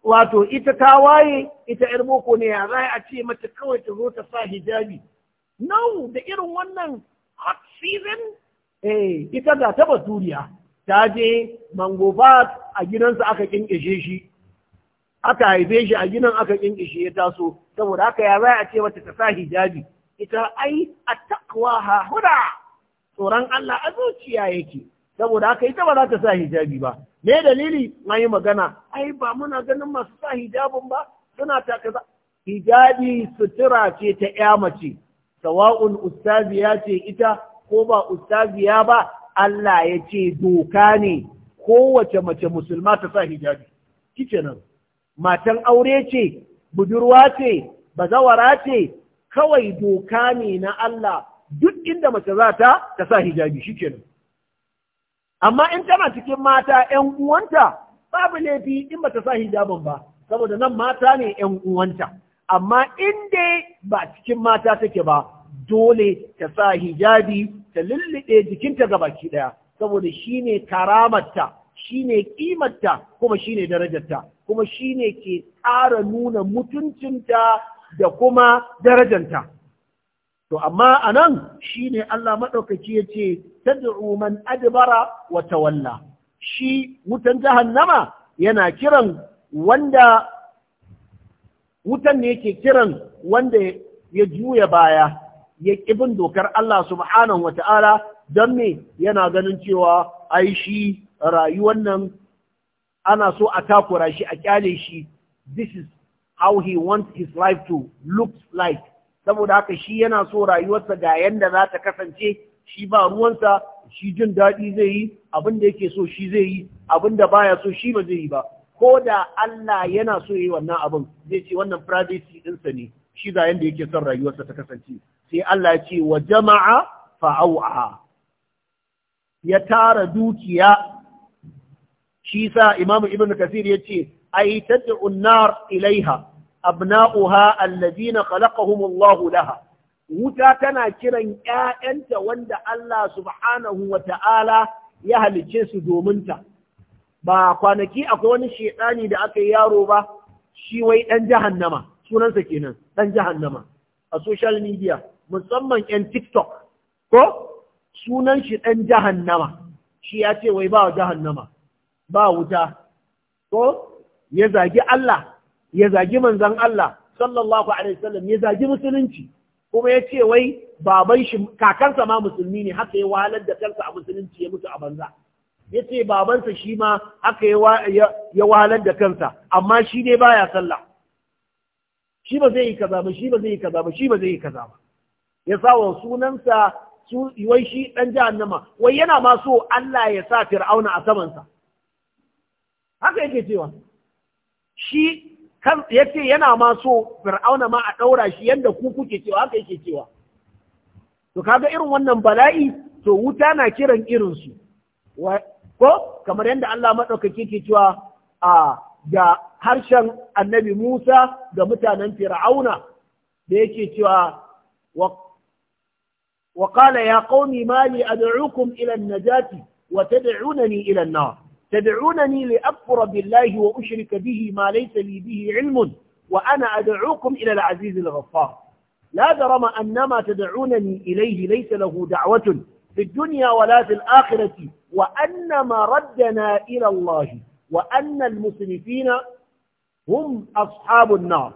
Wato, ita ta waye, ita ‘yar boko ne ya za a ce mata kawai ta zo ta sa hijabi. No, da irin wannan hot season, eh, ita ga ta baturiya, ta je mango a gidansa aka kinkishe shi. aka haife shi a ginin aka kinkishe ya taso saboda haka ya a ce mata ta sa hijabi ita ai a takwa ha huda tsoron Allah a zuciya yake saboda haka ita ba za ta sa hijabi ba me dalili na yi magana ai ba muna ganin masu sa hijabin ba suna ta kaza hijabi sutura ce ta ya mace sawa'un ustaziya ce ita ko ba ustaziya ba Allah ya ce doka ne kowace mace musulma ta sa hijabi kice nan matan aure ce, budurwa ce, bazawara ce, kawai doka ne na Allah duk inda mace za ta, ta sa hijabi shi kenan. Amma in tana cikin mata ‘yan uwanta, babu laifi in ba ta sa hijabin ba, saboda nan mata ne ‘yan uwanta. Amma in dai ba cikin mata take ba, dole ta sa hijabi ta lulluɗe jikinta ga baki ɗaya, saboda shi ne karamarta. shine ƙimarta, kuma shine darajarta kuma shine ke ƙara nuna mutuncinta da kuma darajanta to amma a anan shine Allah ya yace tad'u man adbara wa tawalla shi wutan jahannama yana kiran wanda wutan ne yake kiran wanda ya juya baya ya ƙibin dokar Allah subhanahu wa ta'ala don me yana ganin cewa ai shi rayuwar nan ana so a takura shi a kyale shi this is how he wants his life to look like saboda haka shi yana so rayuwarsa ga yanda za ta kasance shi ba ruwansa shi jin daɗi zai yi abin da yake so shi zai yi abin da baya so shi ba zai yi ba ko da Allah yana so yi wannan abin zai ce wannan privacy ɗinsa ne shi ga yanda yake son rayuwarsa ta kasance sai Allah ya ce wa jama'a fa'au'a ya tara dukiya shi sa imamu ibn kasir ya ce ai tad'u an-nar ilaiha abna'uha alladhina khalaqahum laha wuta tana kiran ƴaƴanta wanda Allah subhanahu wa ta'ala ya halicce su domin ta ba kwanaki akwai wani shedani da aka yi yaro ba shi wai dan jahannama sunansa kenan dan jahannama a social media musamman 'yan TikTok ko sunan shi dan jahannama shi ya ce wai ba jahannama ba wuta ko ya zagi Allah ya zagi manzan Allah sallallahu alaihi wasallam ya zagi musulunci kuma ya ce wai baban shi kakansa ma musulmi ne haka ya wahalar da kansa a musulunci ya mutu a banza ya ce babansa shi ma haka ya wahalar da kansa amma shi ne baya sallah shi ba zai yi kaza ba shi ba zai yi kaza ba shi ba zai yi kaza ba ya sa wa sunansa su wai shi dan jahannama wai yana ma so Allah ya sa fir'auna a samansa haka yake cewa shi kan yana ma so fir'auna ma a ɗaura shi yadda ku kuke cewa haka yake cewa to kaga irin wannan bala'i to wuta na kiran irin su ko kamar yadda Allah madaukake ke cewa a ga harshen annabi Musa ga mutanen Fir'auna da yake cewa wa وقال ya qaumi mali لي ila an-najati وتدعونني tad'unani النار تدعونني لأكفر بالله وأشرك به ما ليس لي به علم وأنا أدعوكم إلى العزيز الغفار لا جرم أن ما تدعونني إليه ليس له دعوة في الدنيا ولا في الآخرة وأن ردنا إلى الله وأن المسرفين هم أصحاب النار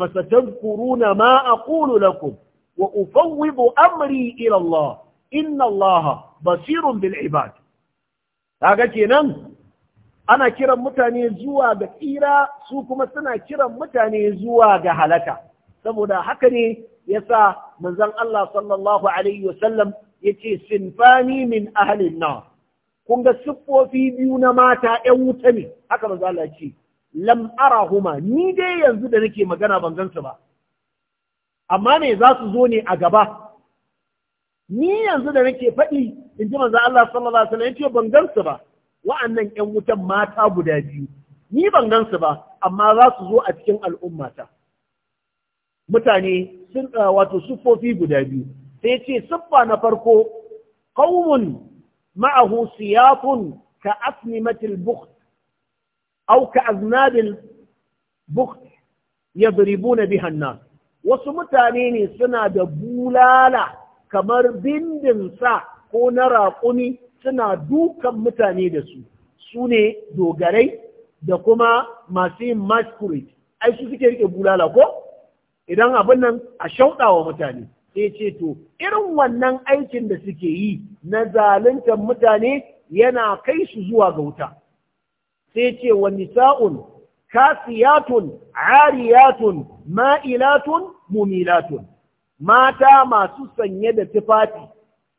فستذكرون ما أقول لكم وأفوض أمري إلى الله إن الله بصير بالعباد kaga kenan ana kiran mutane zuwa ga tsira su kuma suna kiran mutane zuwa ga halaka saboda haka ne yasa manzon Allah sallallahu alaihi wasallam yace sinfani min ahli nar kun ga siffofi biyu na mata 'yan wuta ne haka manzon Allah ce lam arahuma ni dai yanzu da nake magana ban gansu ba amma ne za su zo ne a gaba ni yanzu da nake faɗi in ji maza Allah sallallahu alaihi wasallam yace ban gansu ba wa'annan ƴan wutan mata guda biyu ni ban gansu ba amma za su zo a cikin al'ummata mutane sun eh, wato sufofi guda biyu sai ce siffa na farko qaumun ma'ahu siyafun ka asnimatil bukht aw ka aznabil bukht yadribuna biha an-nas wasu mutane ne suna da bulala kamar bindin sa ko na raƙumi suna dukan mutane da su su ne dogarai da kuma masu yin masquerade ai su suke rike bulala ko idan abin nan a shauɗawa mutane sai ce to irin wannan aikin da suke yi na zaluntar mutane yana kai su zuwa ga wuta sai ce wa nisa'un kasiyatun ariyatun ma'ilatun mumilatun mata masu sanye da tufafi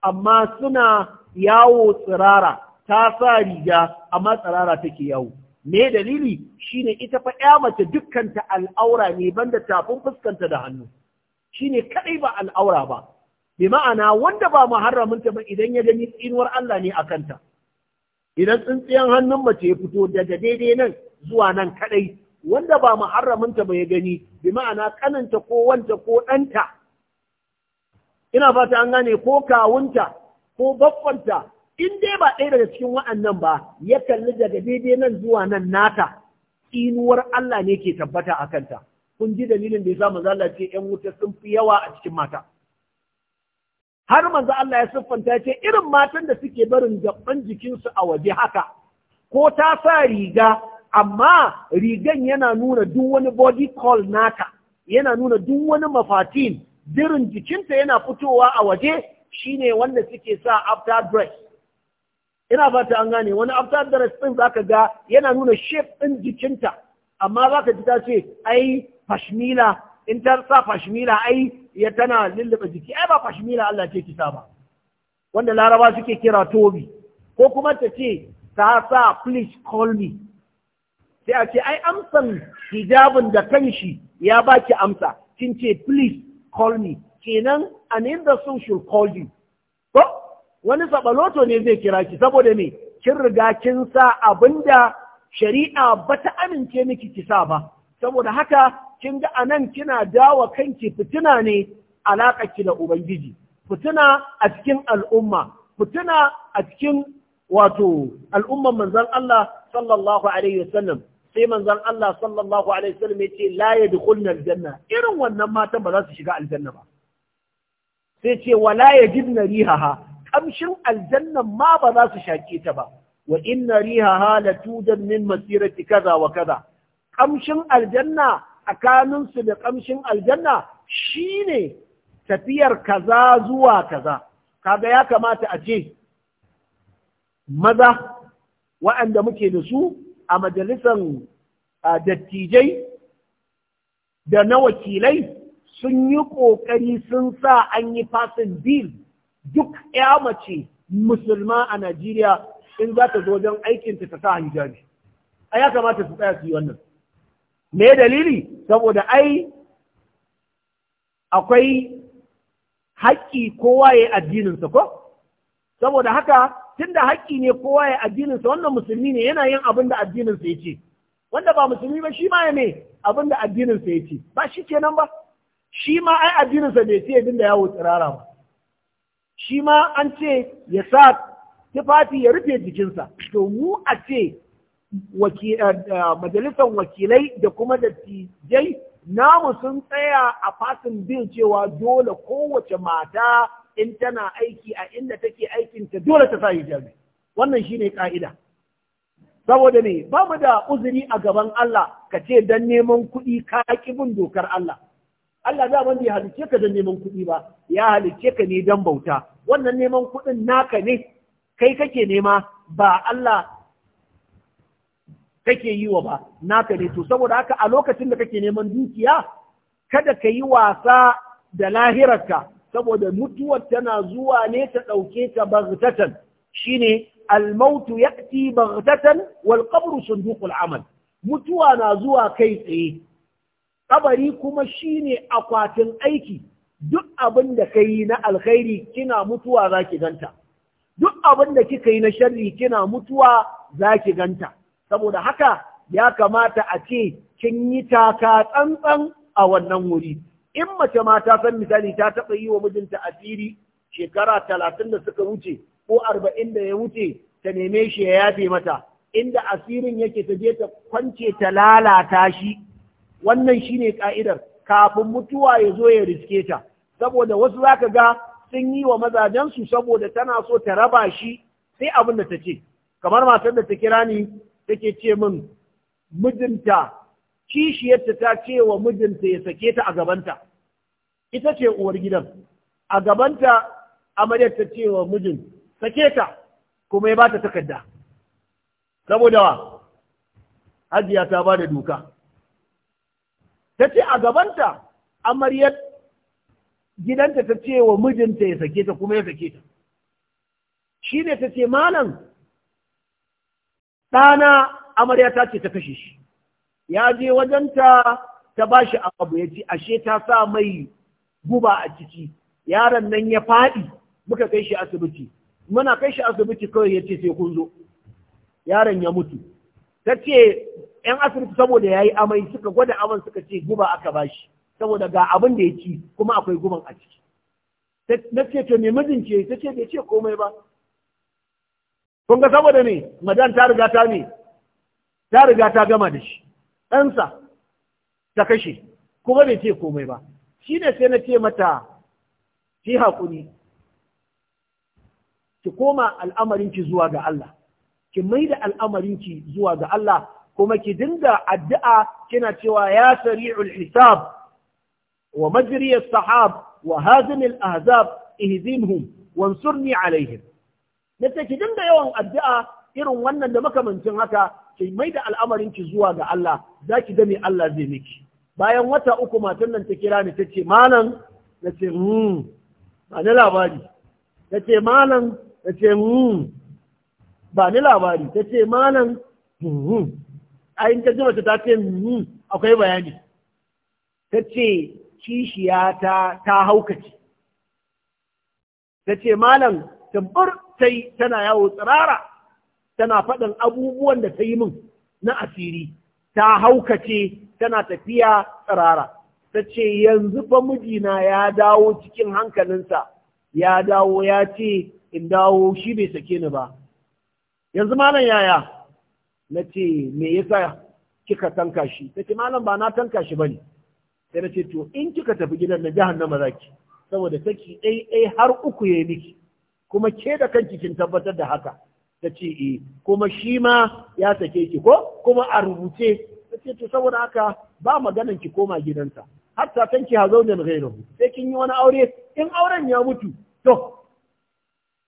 amma suna yawo tsirara ta sa riga amma tsirara take yawo me dalili Shi ne ita fa ya mace dukkanta al'aura ne banda tafin fuskanta da hannu Shi ne kaɗai ba al'aura ba bi ma'ana wanda ba muharraminta ba idan ya gani tsinuwar Allah ne a kanta idan tsintsiyan hannun mace ya fito daga daidai nan zuwa nan kaɗai wanda ba muharraminta ba ya gani bi ma'ana kananta ko wanta ko ɗanta ina fata an gane ko kawunta ko baffanta in dai ba ɗaya daga cikin wa'annan ba ya kalli daga daidai nan zuwa nan nata Inuwar Allah ne ke tabbata a kanta kun ji dalilin da ya sa manzo Allah ce ƴan wuta sun fi yawa a cikin mata har manzo Allah ya siffanta ce irin matan da suke barin gaban jikinsu a waje haka ko ta sa riga amma rigan yana nuna duk wani body call nata yana nuna duk wani mafatin dirin jikinta yana fitowa a waje shine wanda suke sa after dress ina fata an gane wani after ɗin za ka ga yana nuna shef ɗin jikinta amma zaka ji ta ce ai fashmila in ta sa fashmila ai ya tana lulluɓe jiki ai ba fashmila Allah ce kisa ba wanda laraba suke kira tobi ko kuma ta ce ta sa please call me sai a ce ai amsan hijabin da kanshi ya baki amsa kin ce please call me kenan an industry should call you ko wani sabaloto ne zai kira ki saboda me kin riga kin sa abinda shari'a bata amince miki ki sa ba saboda haka kin ga anan kina dawa kanki fitina ne alaƙa ki da ubangiji Fituna a cikin al'umma Fituna a cikin wato al'umman manzon Allah sallallahu alaihi wasallam sai manzon Allah sallallahu alaihi wasallam ya ce la yadkhulna aljanna irin wannan matan ba za su shiga aljanna ba sai ce wala yajidna rihaha kamshin aljanna ma ba za su shake ta ba wa inna rihaha la min masirati kaza wa kaza kamshin aljanna tsakanin su da kamshin aljanna shine tafiyar kaza zuwa kaza kaga ya kamata a ce maza wa'anda muke da su a majalisar dattijai da na wakilai sun yi ƙoƙari sun sa an yi fasin bil duk ya mace musulma a Najeriya in za ta zo wajen aikinta ta sa hijabi. A ya kamata su tsaya su yi wannan. Me dalili? Saboda ai akwai haƙƙi kowa ya addininsa ko? Saboda haka tunda haƙƙi ne kowa ya addininsa wannan musulmi ne yana yin abin da addininsa ya ce wanda ba musulmi ba shi ma ya ne abin da addininsa ya ce ba shi kenan ba shi ma ai addininsa bai ce ya da yawo tsirara ba shi ma an ce ya sa tufafi ya rufe jikinsa to mu a ce eh, majalisar wakilai da kuma dattijai namu sun tsaya a fasin bin cewa dole kowace mata in tana aiki a inda take aikin ta dole ta sa hijabi wannan shine ka'ida saboda me ba mu da uzuri a gaban Allah ka ce dan neman kuɗi ka ki bin dokar Allah Allah da ban bai halice ka dan neman kuɗi ba ya halice ka ne dan bauta wannan neman kuɗin naka ne kai kake nema ba Allah kake yi wa ba naka ne to saboda haka a lokacin da kake neman dukiya kada ka yi wasa da lahirarka saboda mutuwar tana zuwa ne ta ɗauke ta shi shine almautu ya'ti baghtatan wal sun sunduqul amal mutuwa na zuwa kai tsaye ƙabari kuma shine akwatin aiki duk abin da na alkhairi kina mutuwa zaki ganta duk abin da kika yi na sharri kina mutuwa zaki ganta saboda haka ya kamata a ce kin yi taka tsantsan a wannan wuri in mace ma ta san misali ta taɓa yi wa mijinta asiri shekara talatin da suka wuce ko arba'in da ya wuce ta neme shi ya yafe mata inda asirin yake ta je ta kwance ta lalata shi wannan shine ka'idar kafin mutuwa ya zo ya riske ta saboda wasu zaka ga sun yi wa mazajensu saboda tana so ta raba shi sai abin da ta ce kamar matar da ta kira ni take ce min mijinta kishiyarta ta ce wa mijinta ya sake ta a gabanta ita ce uwar gidan a gabanta amaryar ta ce wa mijin sake ta kuma ya ba ta takarda saboda wa hajiya ta ba da duka ta ce a gabanta amaryar gidanta ta ce wa mijinta ya sake ta kuma ya sake ta shi ne ta ce malam ɗana amarya ta ce ta kashe shi ya je wajenta ta ba shi abu ya ci ashe ta sa mai guba a ciki yaron nan ya faɗi muka kai shi asibiti muna kai shi asibiti kawai ya ce sai kun zo yaron ya mutu ta ce ‘yan asibiti saboda ya yi amai suka gwada aman suka ce guba aka ba shi saboda ga abin da ya ci kuma akwai guban a ciki na ce to me mijin ce ta ce bai ce komai ba kun ga saboda ne madan ta riga ta ne ta riga ta gama da shi ɗansa ta kashe kuma bai ce komai ba shi ne sai na ce mata ki haƙuri ki koma al'amarinki zuwa ga Allah ki mai da al'amarinki zuwa ga Allah kuma ki dinga addu'a kina cewa ya sari'ul hisab wa majriyas sahab wa hazimil ahzab ihzimhum wansurni alaihim nace ki dinga yawan addu'a irin wannan da makamancin haka ki mai da al'amarin ki zuwa ga Allah za ki ga Allah zai miki bayan wata uku matan nan ta kira ni ta ce malam na ce hmm ba ni labari ta ce malam ta ce hmm ba ni labari ta ce malam hmm a in ta ji ta ce hmm akwai bayani ta ce kishiya ta ta haukace ta ce malam tabbar tai tana yawo tsirara tana faɗin abubuwan da ta yi min na asiri ta haukace tana tafiya tsirara ta ce yanzu fa mijina ya dawo cikin hankalinsa ya dawo ya ce in dawo shi bai sake ni ba yanzu malam yaya na ce me yasa kika tanka shi ta ce malam ba na tanka shi ba ne sai na ce to in kika tafi gidan na jihar na mazaki saboda saki ɗai ɗai har uku ya yi miki kuma ke da kanki kin tabbatar da haka ta ce e kuma shi ma ya sake ki ko kuma a rubuce ta ce to saboda haka ba maganan ki koma gidansa hatta kan ki hazo da ghairahu sai kin yi wani aure in auren ya mutu to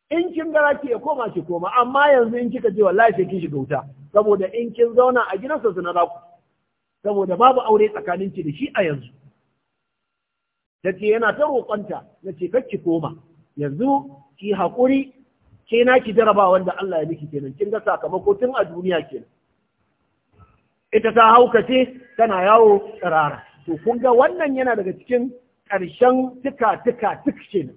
in kin gara ki ya koma ki koma amma yanzu in kika je wallahi sai kin shiga wuta saboda in kin zauna a gidansa su na ku saboda babu aure tsakanin ki da shi a yanzu ta ce yana ta roƙonta na ce ki koma yanzu ki haƙuri ke na ki jaraba wanda Allah ya miki kenan kin ga sakamako tun a duniya kenan ita ta haukace tana yawo tsirara to kun ga wannan yana daga cikin ƙarshen tuka tuka tuk kenan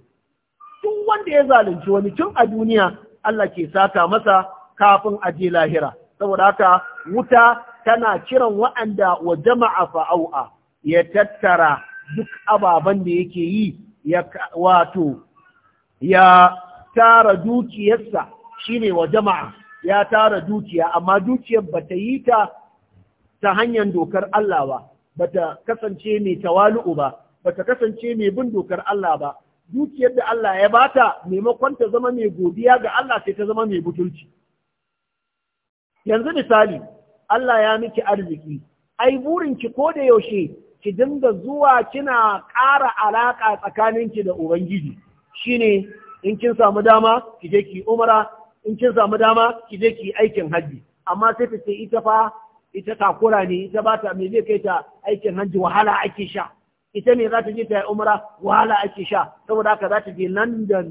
tun wanda ya zalunci wani tun a duniya Allah ke saka masa kafin a je lahira saboda haka wuta tana kiran wa'anda wa jama'a fa'au'a ya tattara duk ababen da yake yi ya wato ya tara dukiyarsa shine wa jama'a ya tara dukiya amma dukiyar bata yi ta ta hanyar dokar Allah ba bata kasance mai tawalu'u ba bata kasance mai bin dokar Allah ba dukiyar da Allah ya bata maimakon ta zama mai godiya ga Allah sai ta zama mai butulci yanzu misali Allah ya miki arziki ai burin ki ko da yaushe ki dinga zuwa kina ƙara alaka tsakaninki da ubangiji shine in kin samu dama ki je ki umara in kin samu dama ki je ki aikin hajji amma sai ta ce ita fa ita takura ne ita ba ta me zai kai ta aikin hajji wahala ake sha ita ne za ta je ta yi umara wahala ake sha saboda haka za ta je London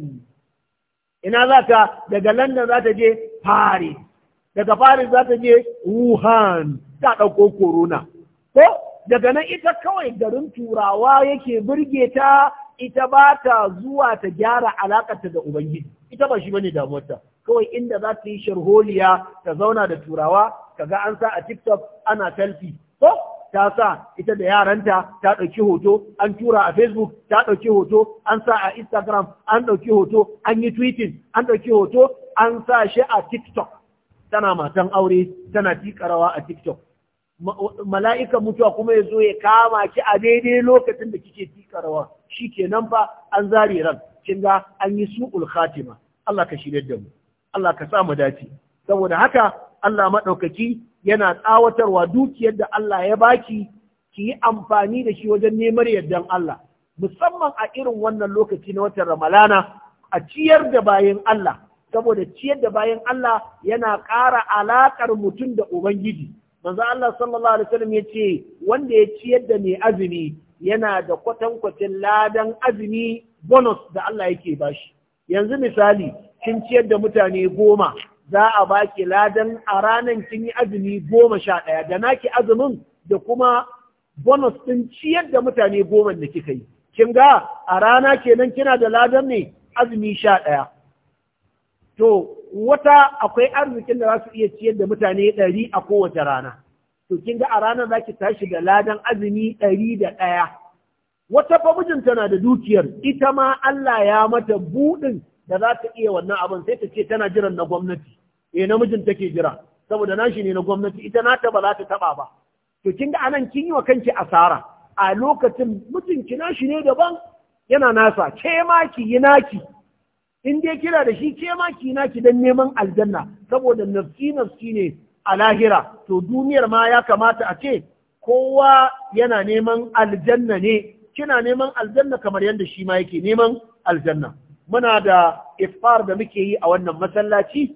ina za ta daga London za ta je Paris daga Paris za ta je Wuhan ta ɗauko corona ko daga nan ita kawai garin turawa yake burge ta ita ba ta zuwa ta gyara alaƙarta da Ubangiji, ita ba shi bane damuwarta, kawai inda za ta yi sharholiya ta zauna da turawa, ka ga an sa a TikTok ana selfie, ko ta sa ita da yaranta ta ɗauki hoto, an tura a Facebook ta ɗauki hoto, an sa a Instagram an ɗauki hoto, an yi tweeting an ɗauki hoto, an sa shi a TikTok. Tana matan aure, tana tikarawa a TikTok. Mala'ikan mutuwa kuma ya zo ya kama ki a daidai lokacin da kike fi rawa shi nan fa an zare ran kin ga an yi su khatima Allah ka shirya da mu Allah ka sa dace saboda haka Allah maɗaukaki yana tsawatarwa dukiyar da Allah ya baki ki yi amfani da shi wajen neman yardan Allah musamman a irin wannan lokaci na watan Ramalana a ciyar da bayan Allah saboda ciyar da bayan Allah yana ƙara alaƙar mutum da Ubangiji manzo Allah sallallahu alaihi wasallam ce wanda ya ciyar da mai azumi yana da kwatankwacin ladan azumi bonus da Allah yake bashi yanzu misali kin ciyar da mutane goma za a baki ladan a ranar kin yi azumi goma sha ɗaya da naki azumin da kuma bonus ɗin ciyar da mutane goma da kika yi kin ga a rana kenan kina da ladan ne azumi sha ɗaya to wata akwai arzikin da za su iya ciyar da mutane ɗari a kowace rana to kin ga a ranar za ki tashi da ladan azumi ɗari da ɗaya wata fa mijinta na da dukiyar ita ma Allah ya mata buɗin da za ta iya wannan abin sai ta ce tana jiran na gwamnati eh namijin take jira saboda nashi ne na gwamnati ita nata ba za ta taba ba to kin ga anan kin yi wa kanki asara a lokacin mijinki nashi ne daban yana nasa ke ma ki yi naki in dai kina da shi ke ma kina ki dan neman aljanna saboda nafsi nafsi ne a lahira to duniyar ma ya kamata a ce kowa yana neman aljanna ne kina neman aljanna kamar yadda shi ma yake neman aljanna muna da ifar da muke yi a wannan masallaci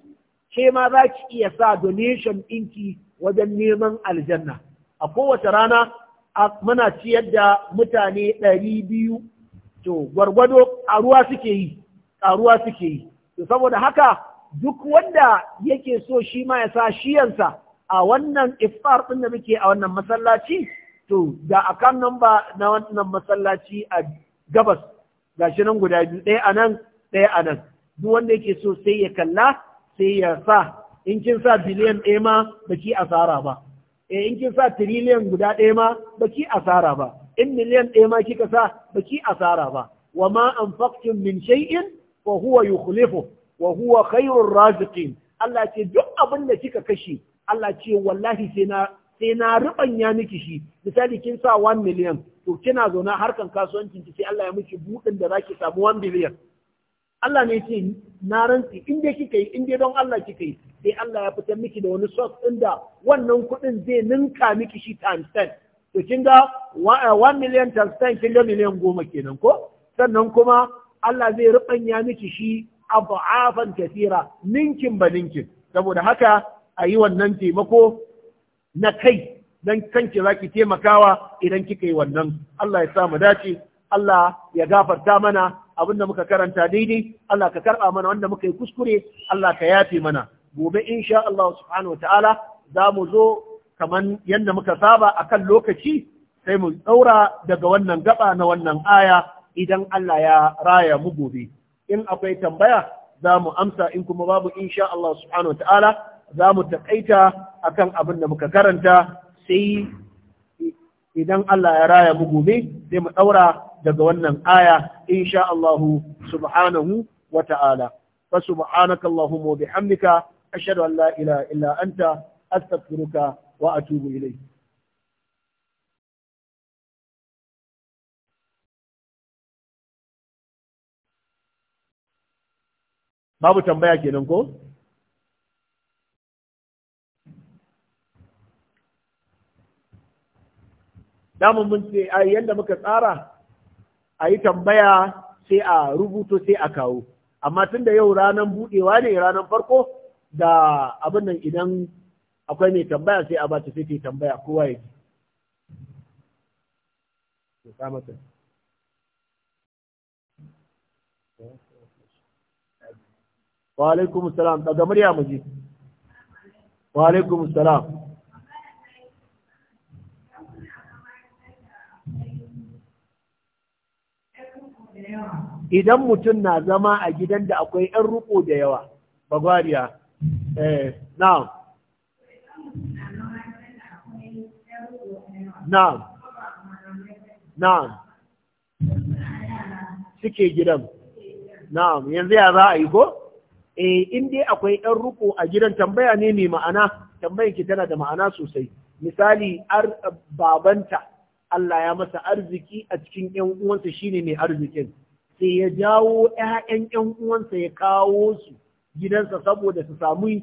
ke ma za ki iya sa donation ɗinki wajen neman aljanna a kowace rana muna ciyar da mutane ɗari biyu to gwargwado a ruwa suke yi karuwa suke yi to saboda haka duk wanda yake so shi ma ya sa shiyansa a wannan iftar ɗin da muke a wannan masallaci to da akan ba na wannan masallaci a gabas shi nan guda biyu ɗaya a ɗaya anan. nan duk wanda yake so sai ya kalla sai ya sa in kin sa biliyan ɗaya ma ba ki asara ba E in kin sa tiriliyan guda ɗaya ma ba ki asara ba in miliyan ɗaya ma kika sa ba ki asara ba wa ma anfaqtum min shay'in wa huwa yukhlifu wa huwa khairur raziqin Allah ce duk abin da kika kashe Allah ce wallahi sai na sai na rubanya miki shi misali kin sa 1 million to kina zauna harkan kasuwancin ki sai Allah ya miki budin da zaki samu 1 billion Allah ne ce na rantsi in dai kika yi in dai don Allah kika yi sai Allah ya fitar miki da wani source din da wannan kuɗin zai ninka miki shi times 10 to kin ga 1 eh, million times 10 kin ga miliyan goma kenan ko sannan kuma Allah zai rubanya miki shi adhafan kasira ninkin ba ninkin saboda haka a yi wannan taimako na kai dan kanki zaki taimakawa idan kika yi wannan Allah ya sa mu dace Allah ya gafarta mana abin da muka karanta daidai Allah ka karɓa mana wanda muka yi kuskure Allah ka yafe mana gobe insha Allah subhanahu ta'ala za mu zo kaman yadda muka saba akan lokaci sai mu daura daga wannan gaba na wannan aya idan Allah ya raya mu gobe in akwai tambaya za mu amsa in kuma babu insha Allah subhanahu wa ta'ala za mu takaita akan abin da muka karanta sai idan Allah ya raya mu gobe sai mu daura daga wannan aya insha Allah subhanahu wa ta'ala fa subhanaka allahumma wa bihamdika ashhadu an la ilaha illa anta astaghfiruka wa atubu ilayk babu tambaya kenan ko damun mun ce a yadda muka tsara ayi tambaya sai a rubuto sai a kawo amma tun da yau ranar budewa ne ranar farko da abin nan idan akwai mai tambaya sai a bata sai ta tambaya kowa ya ji salam murya mu ji idan mutum na zama a gidan da akwai 'yan ruko da yawa bagwariya eh na'am na'am na'am suke gidan na'am yanzu ya za a yi ko eh in dai akwai ɗan ruko a gidan tambaya ne mai ma'ana tambayan ki tana da ma'ana sosai misali babanta Allah ya masa arziki a cikin ƴan uwansa shine mai arzikin sai ya jawo 'ya'yan ƴan uwansa ya kawo su gidansa saboda su samu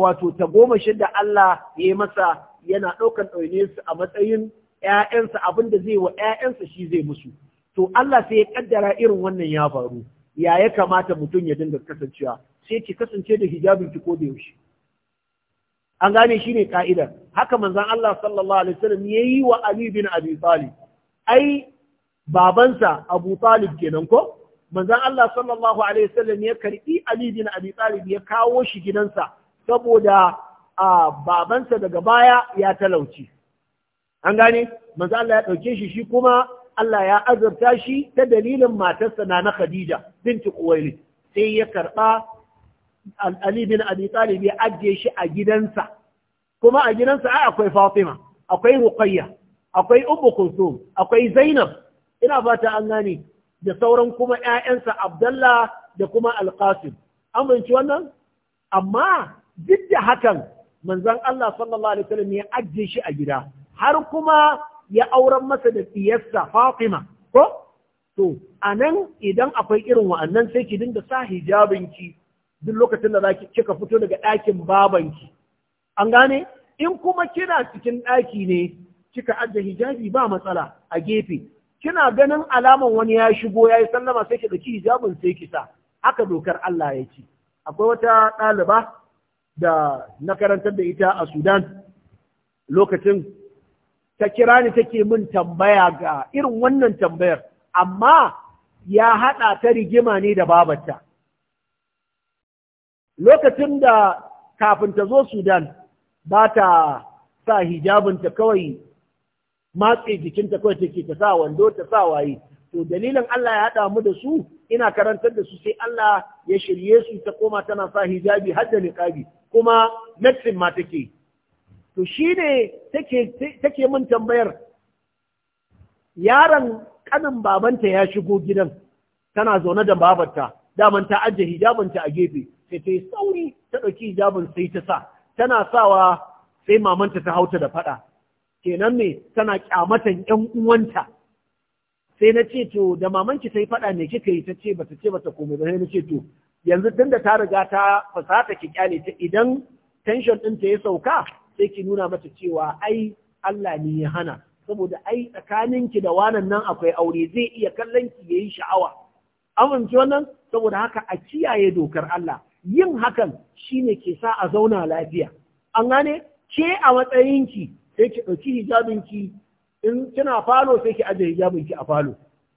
wato tagomashin da Allah ya yi masa yana ɗaukan ɗaune su a matsayin ‘ya'yansa abin da zai wa ‘ya'yansa shi zai musu. To Allah sai ya ƙaddara irin wannan ya faru. ya ya kamata mutum ya dinga kasancewa sai ki kasance da hijabin ki ko da yaushe an gane shi ne ka'idar haka manzon Allah sallallahu alaihi wasallam yayi wa Ali bin Abi Talib ai babansa Abu Talib kenan ko manzon Allah sallallahu alaihi wasallam ya karbi Ali bin Abi Talib ya kawo shi gidansa saboda a babansa daga baya ya talauci an gane manzon Allah ya dauke shi shi kuma Allah ya azurta shi ta dalilin matarsa na na Khadija binti Kuwaili sai ya karɓa Ali bin Abi Talib ya ajiye shi a gidansa kuma a gidansa ai akwai Fatima akwai Ruqayya akwai Ummu Kulthum akwai Zainab ina fata an gane da sauran kuma ƴaƴansa Abdullah da kuma Al-Qasim amince wannan amma duk da hakan manzon Allah sallallahu alaihi wasallam ya ajiye shi a gida har kuma ya auren masa da ɗiyarsa Fatima ko to anan idan akwai irin wa'annan sai ki dinga sa hijabinki duk lokacin da ki kika fito daga ɗakin babanki an gane in kuma kina cikin ɗaki ne kika ajiye hijabi ba matsala a gefe kina ganin alaman wani ya shigo ya yi sallama sai ki ɗauki hijabin sai ki sa haka dokar Allah ya ce akwai wata ɗaliba da na karantar da ita a Sudan lokacin ta kira ni take min tambaya ga irin wannan tambayar amma ya haɗa ta rigima ne da babata lokacin da kafin ta zo sudan ba ta sa hijabinta kawai matse jikinta kawai take ta sa wando ta sa waye to dalilin Allah ya haɗa mu da su ina karantar da su sai Allah ya shirye su ta koma tana sa hijabi har da niqabi kuma medicine ma take to shi ne take mun tambayar yaron kanin babanta ya shigo gidan tana zaune da babarta daman ta ajiye hijabinta a gefe sai ta yi sauri ta ɗauki hijabin sai ta sa tana sawa sai mamanta ta hauta da faɗa kenan ne tana kyamatan ƴan uwanta sai na ce to da mamanki sai faɗa ne kika yi ta ce ba ta ce ba ta komai ba sai na ce to yanzu tunda ta riga ta fasata ki kyale ta idan tension ɗin ta ya sauka sai ki nuna mata cewa ai Allah ne ya hana saboda ai tsakaninki da wanan nan akwai aure zai iya kallon ki yayi sha'awa amince wannan saboda haka a kiyaye dokar Allah yin hakan shine ke sa a zauna lafiya an gane ke a matsayin ki sai ki ɗauki hijabinki in kina falo sai ki aje ki a falo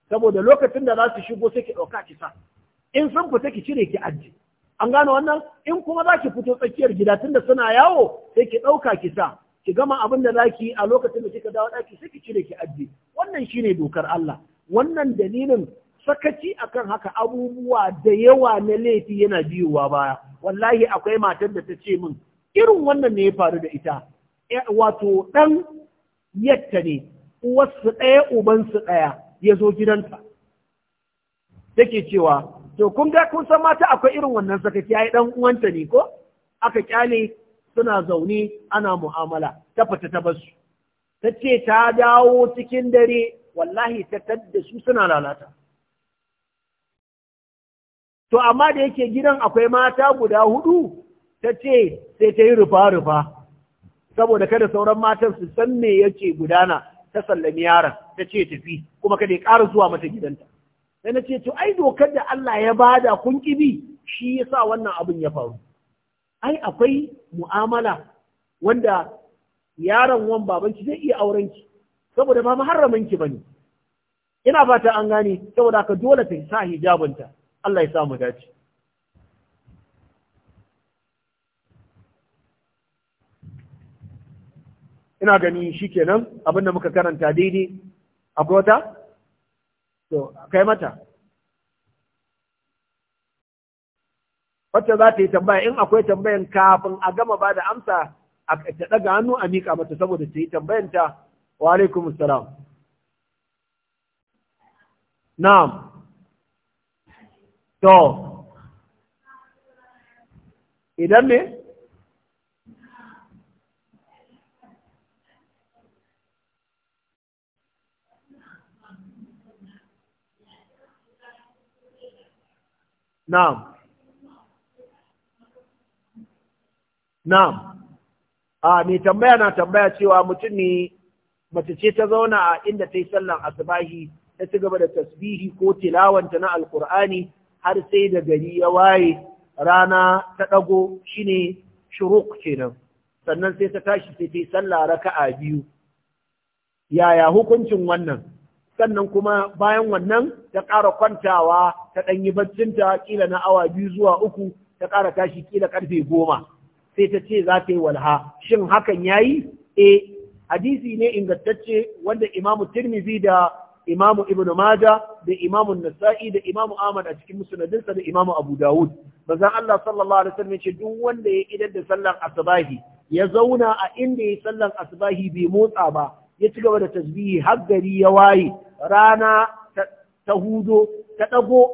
saboda lokacin da za su shigo sai ki ɗauka ki sa in sun fita ki cire ki aje an gano wannan in kuma za ki fito tsakiyar gida da suna yawo sai ki ɗauka ki sa ki gama abin da za ki a lokacin da kika dawo ɗaki sai ki cire ki ajiye wannan shine dokar Allah wannan dalilin sakaci akan haka abubuwa da yawa na laifi yana biyowa baya wallahi akwai matar da ta ce min irin wannan ne ya faru da ita wato ɗan yatta ne uwarsu ɗaya ubansu ɗaya ya zo gidanta take cewa to kun ga kun san mata akwai irin wannan sakaki ya ɗan uwanta ne ko aka kyale suna zaune ana mu'amala ta fita ta basu ta ce ta dawo cikin dare wallahi ta tadda su suna lalata to amma da yake gidan akwai mata guda hudu ta ce sai ta yi rufa-rufa saboda kada sauran matan su san me yake gudana ta sallami yaron ta ce tafi kuma kada ya ƙara zuwa mata gidanta sai na ce to ai dokar da Allah ya bada kun kibi shi yasa wannan abin ya faru ai akwai mu'amala wanda yaron wan babanki zai iya auren ki saboda ba muharramin ki bane ina fata an gane saboda ka dole ta sa hijabinta Allah ya sa mu dace ina gani shikenan da muka karanta daidai akwai wata to kai mata wacce za ta yi tambaya in akwai tambayan kafin a gama ba da amsa a ta daga hannu a miƙa mata saboda ta yi ta, wa alaikum salam na'am to idan me na'am na'am a mai tambaya na tambaya cewa mutum ne mace ce ta zauna a inda ta yi sallan asubahi ta ci gaba da tasbihi ko tilawanta na alkur'ani har sai da gari ya waye rana ta ɗago shine shuruk kenan sannan sai ta tashi sai ta yi sallah raka'a biyu yaya hukuncin wannan sannan kuma bayan wannan ta ƙara kwantawa ta ɗan yi baccinta kila na awa biyu zuwa uku ta ƙara tashi kila ƙarfe goma sai ta ce za ta yi walha shin hakan ya yi e hadisi ne ingantacce wanda imamu tirmizi da imamu ibn maja da imamu nasa'i da imamu ahmad a cikin musnadinsa da imamu abu dawud bazan allah sallallahu alaihi wasallam ce duk wanda ya idan da sallar asbahi ya zauna a inda ya sallar asbahi bai motsa ba ya ci gaba da tasbihi har gari ya waye rana ta hudo ta ɗago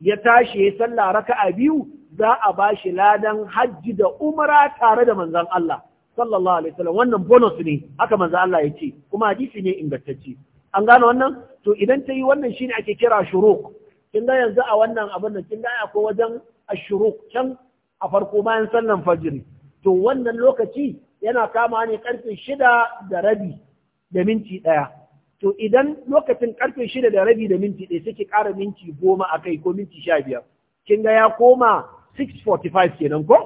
ya tashi ya sallah raka'a biyu za a bashi shi ladan hajji da umara tare da manzon Allah sallallahu alaihi wasallam wannan bonus ne haka manzon Allah ya ce kuma hadisi ne ingantacce an gano wannan to idan ta yi wannan shine ake kira shuruq kin ga yanzu a wannan abin nan kin ga akwai wajen ashuruq can a farko bayan sallan fajiri to wannan lokaci yana kama ne karfe shida da rabi da minti ɗaya. To idan lokacin karfe shida da rabi da minti ɗaya suke ƙara minti goma a kai ko minti sha biyar. Kin ga ya koma 6:45 kenan ko?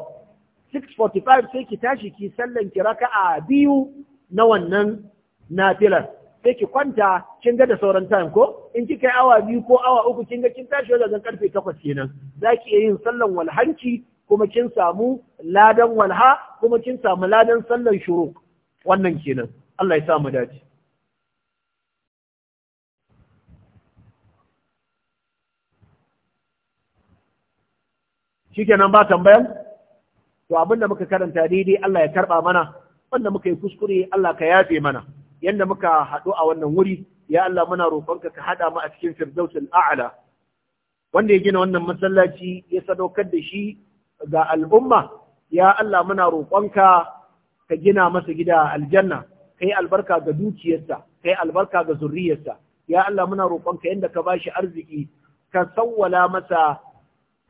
6:45 sai ki tashi ki sallan ki raka'a biyu na wannan nafilar. Sai ki kwanta kin ga da sauran time ko? In kika yi awa biyu ko awa uku kin ga kin tashi wajen karfe takwas kenan. Za ki iya yin sallan walhanci kuma kin samu ladan walha kuma kin samu ladan sallar shuru wannan kenan Allah ya sa mu dace shikenan ba tambayan to abin da muka karanta daidai Allah ya karba mana wanda muka yi kuskure Allah ka yafe mana yanda muka haɗu a wannan wuri ya Allah muna roƙonka ka haɗa mu a cikin firdausul a'la wanda ya gina wannan masallaci ya sadaukar da shi ga al'umma ya Allah muna roƙonka ka gina masa gida aljanna kai albarka ga dukiyarsa kai albarka ga zurriyarsa ya Allah muna roƙonka yanda ka bashi arziki ka sawwala masa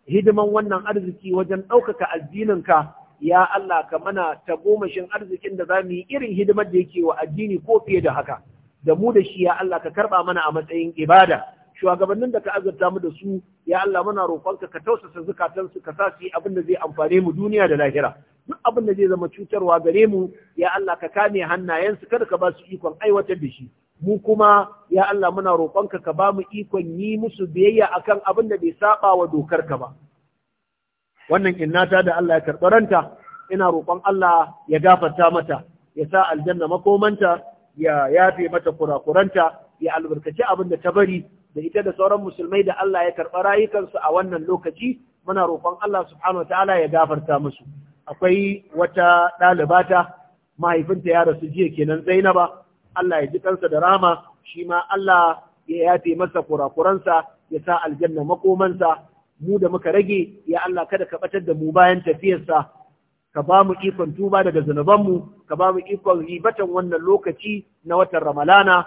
hidiman wannan arziki wajen ɗaukaka addininka ya Allah ka mana tagomashin arzikin da za mu yi irin hidimar da yake wa addini ko fiye da haka da mu da shi ya Allah ka karɓa mana a matsayin ibada shugabannin da ka azurta mu da su ya Allah muna roƙonka ka tausasa zukatansu ka sa su yi abin da zai amfane mu duniya da lahira duk abin da zai zama cutarwa gare mu ya Allah ka kame hannayensu kada ka ba su ikon aiwatar da shi mu kuma ya Allah muna roƙonka ka ba mu ikon yi musu biyayya akan abin da bai saba wa dokar ka ba wannan innata da Allah ya ranta ina roƙon Allah ya gafarta mata ya sa aljanna makomanta ya yafe mata kurakuranta ya albarkaci abin da ta bari da ita da sauran musulmai da Allah ya karɓa rayukansu a wannan lokaci muna roƙon Allah subhanahu wataala ya gafarta musu akwai wata ɗalibata mahaifinta ya rasu jiya kenan Zainaba Allah ya ji kansa da rama shi ma Allah ya yafe masa kurakuransa ya sa aljanna makomansa mu da muka rage ya Allah kada ka batar da mu bayan tafiyarsa ka ba mu ikon tuba daga zunubanmu ka ba mu ikon ribatan wannan lokaci na watan Ramalana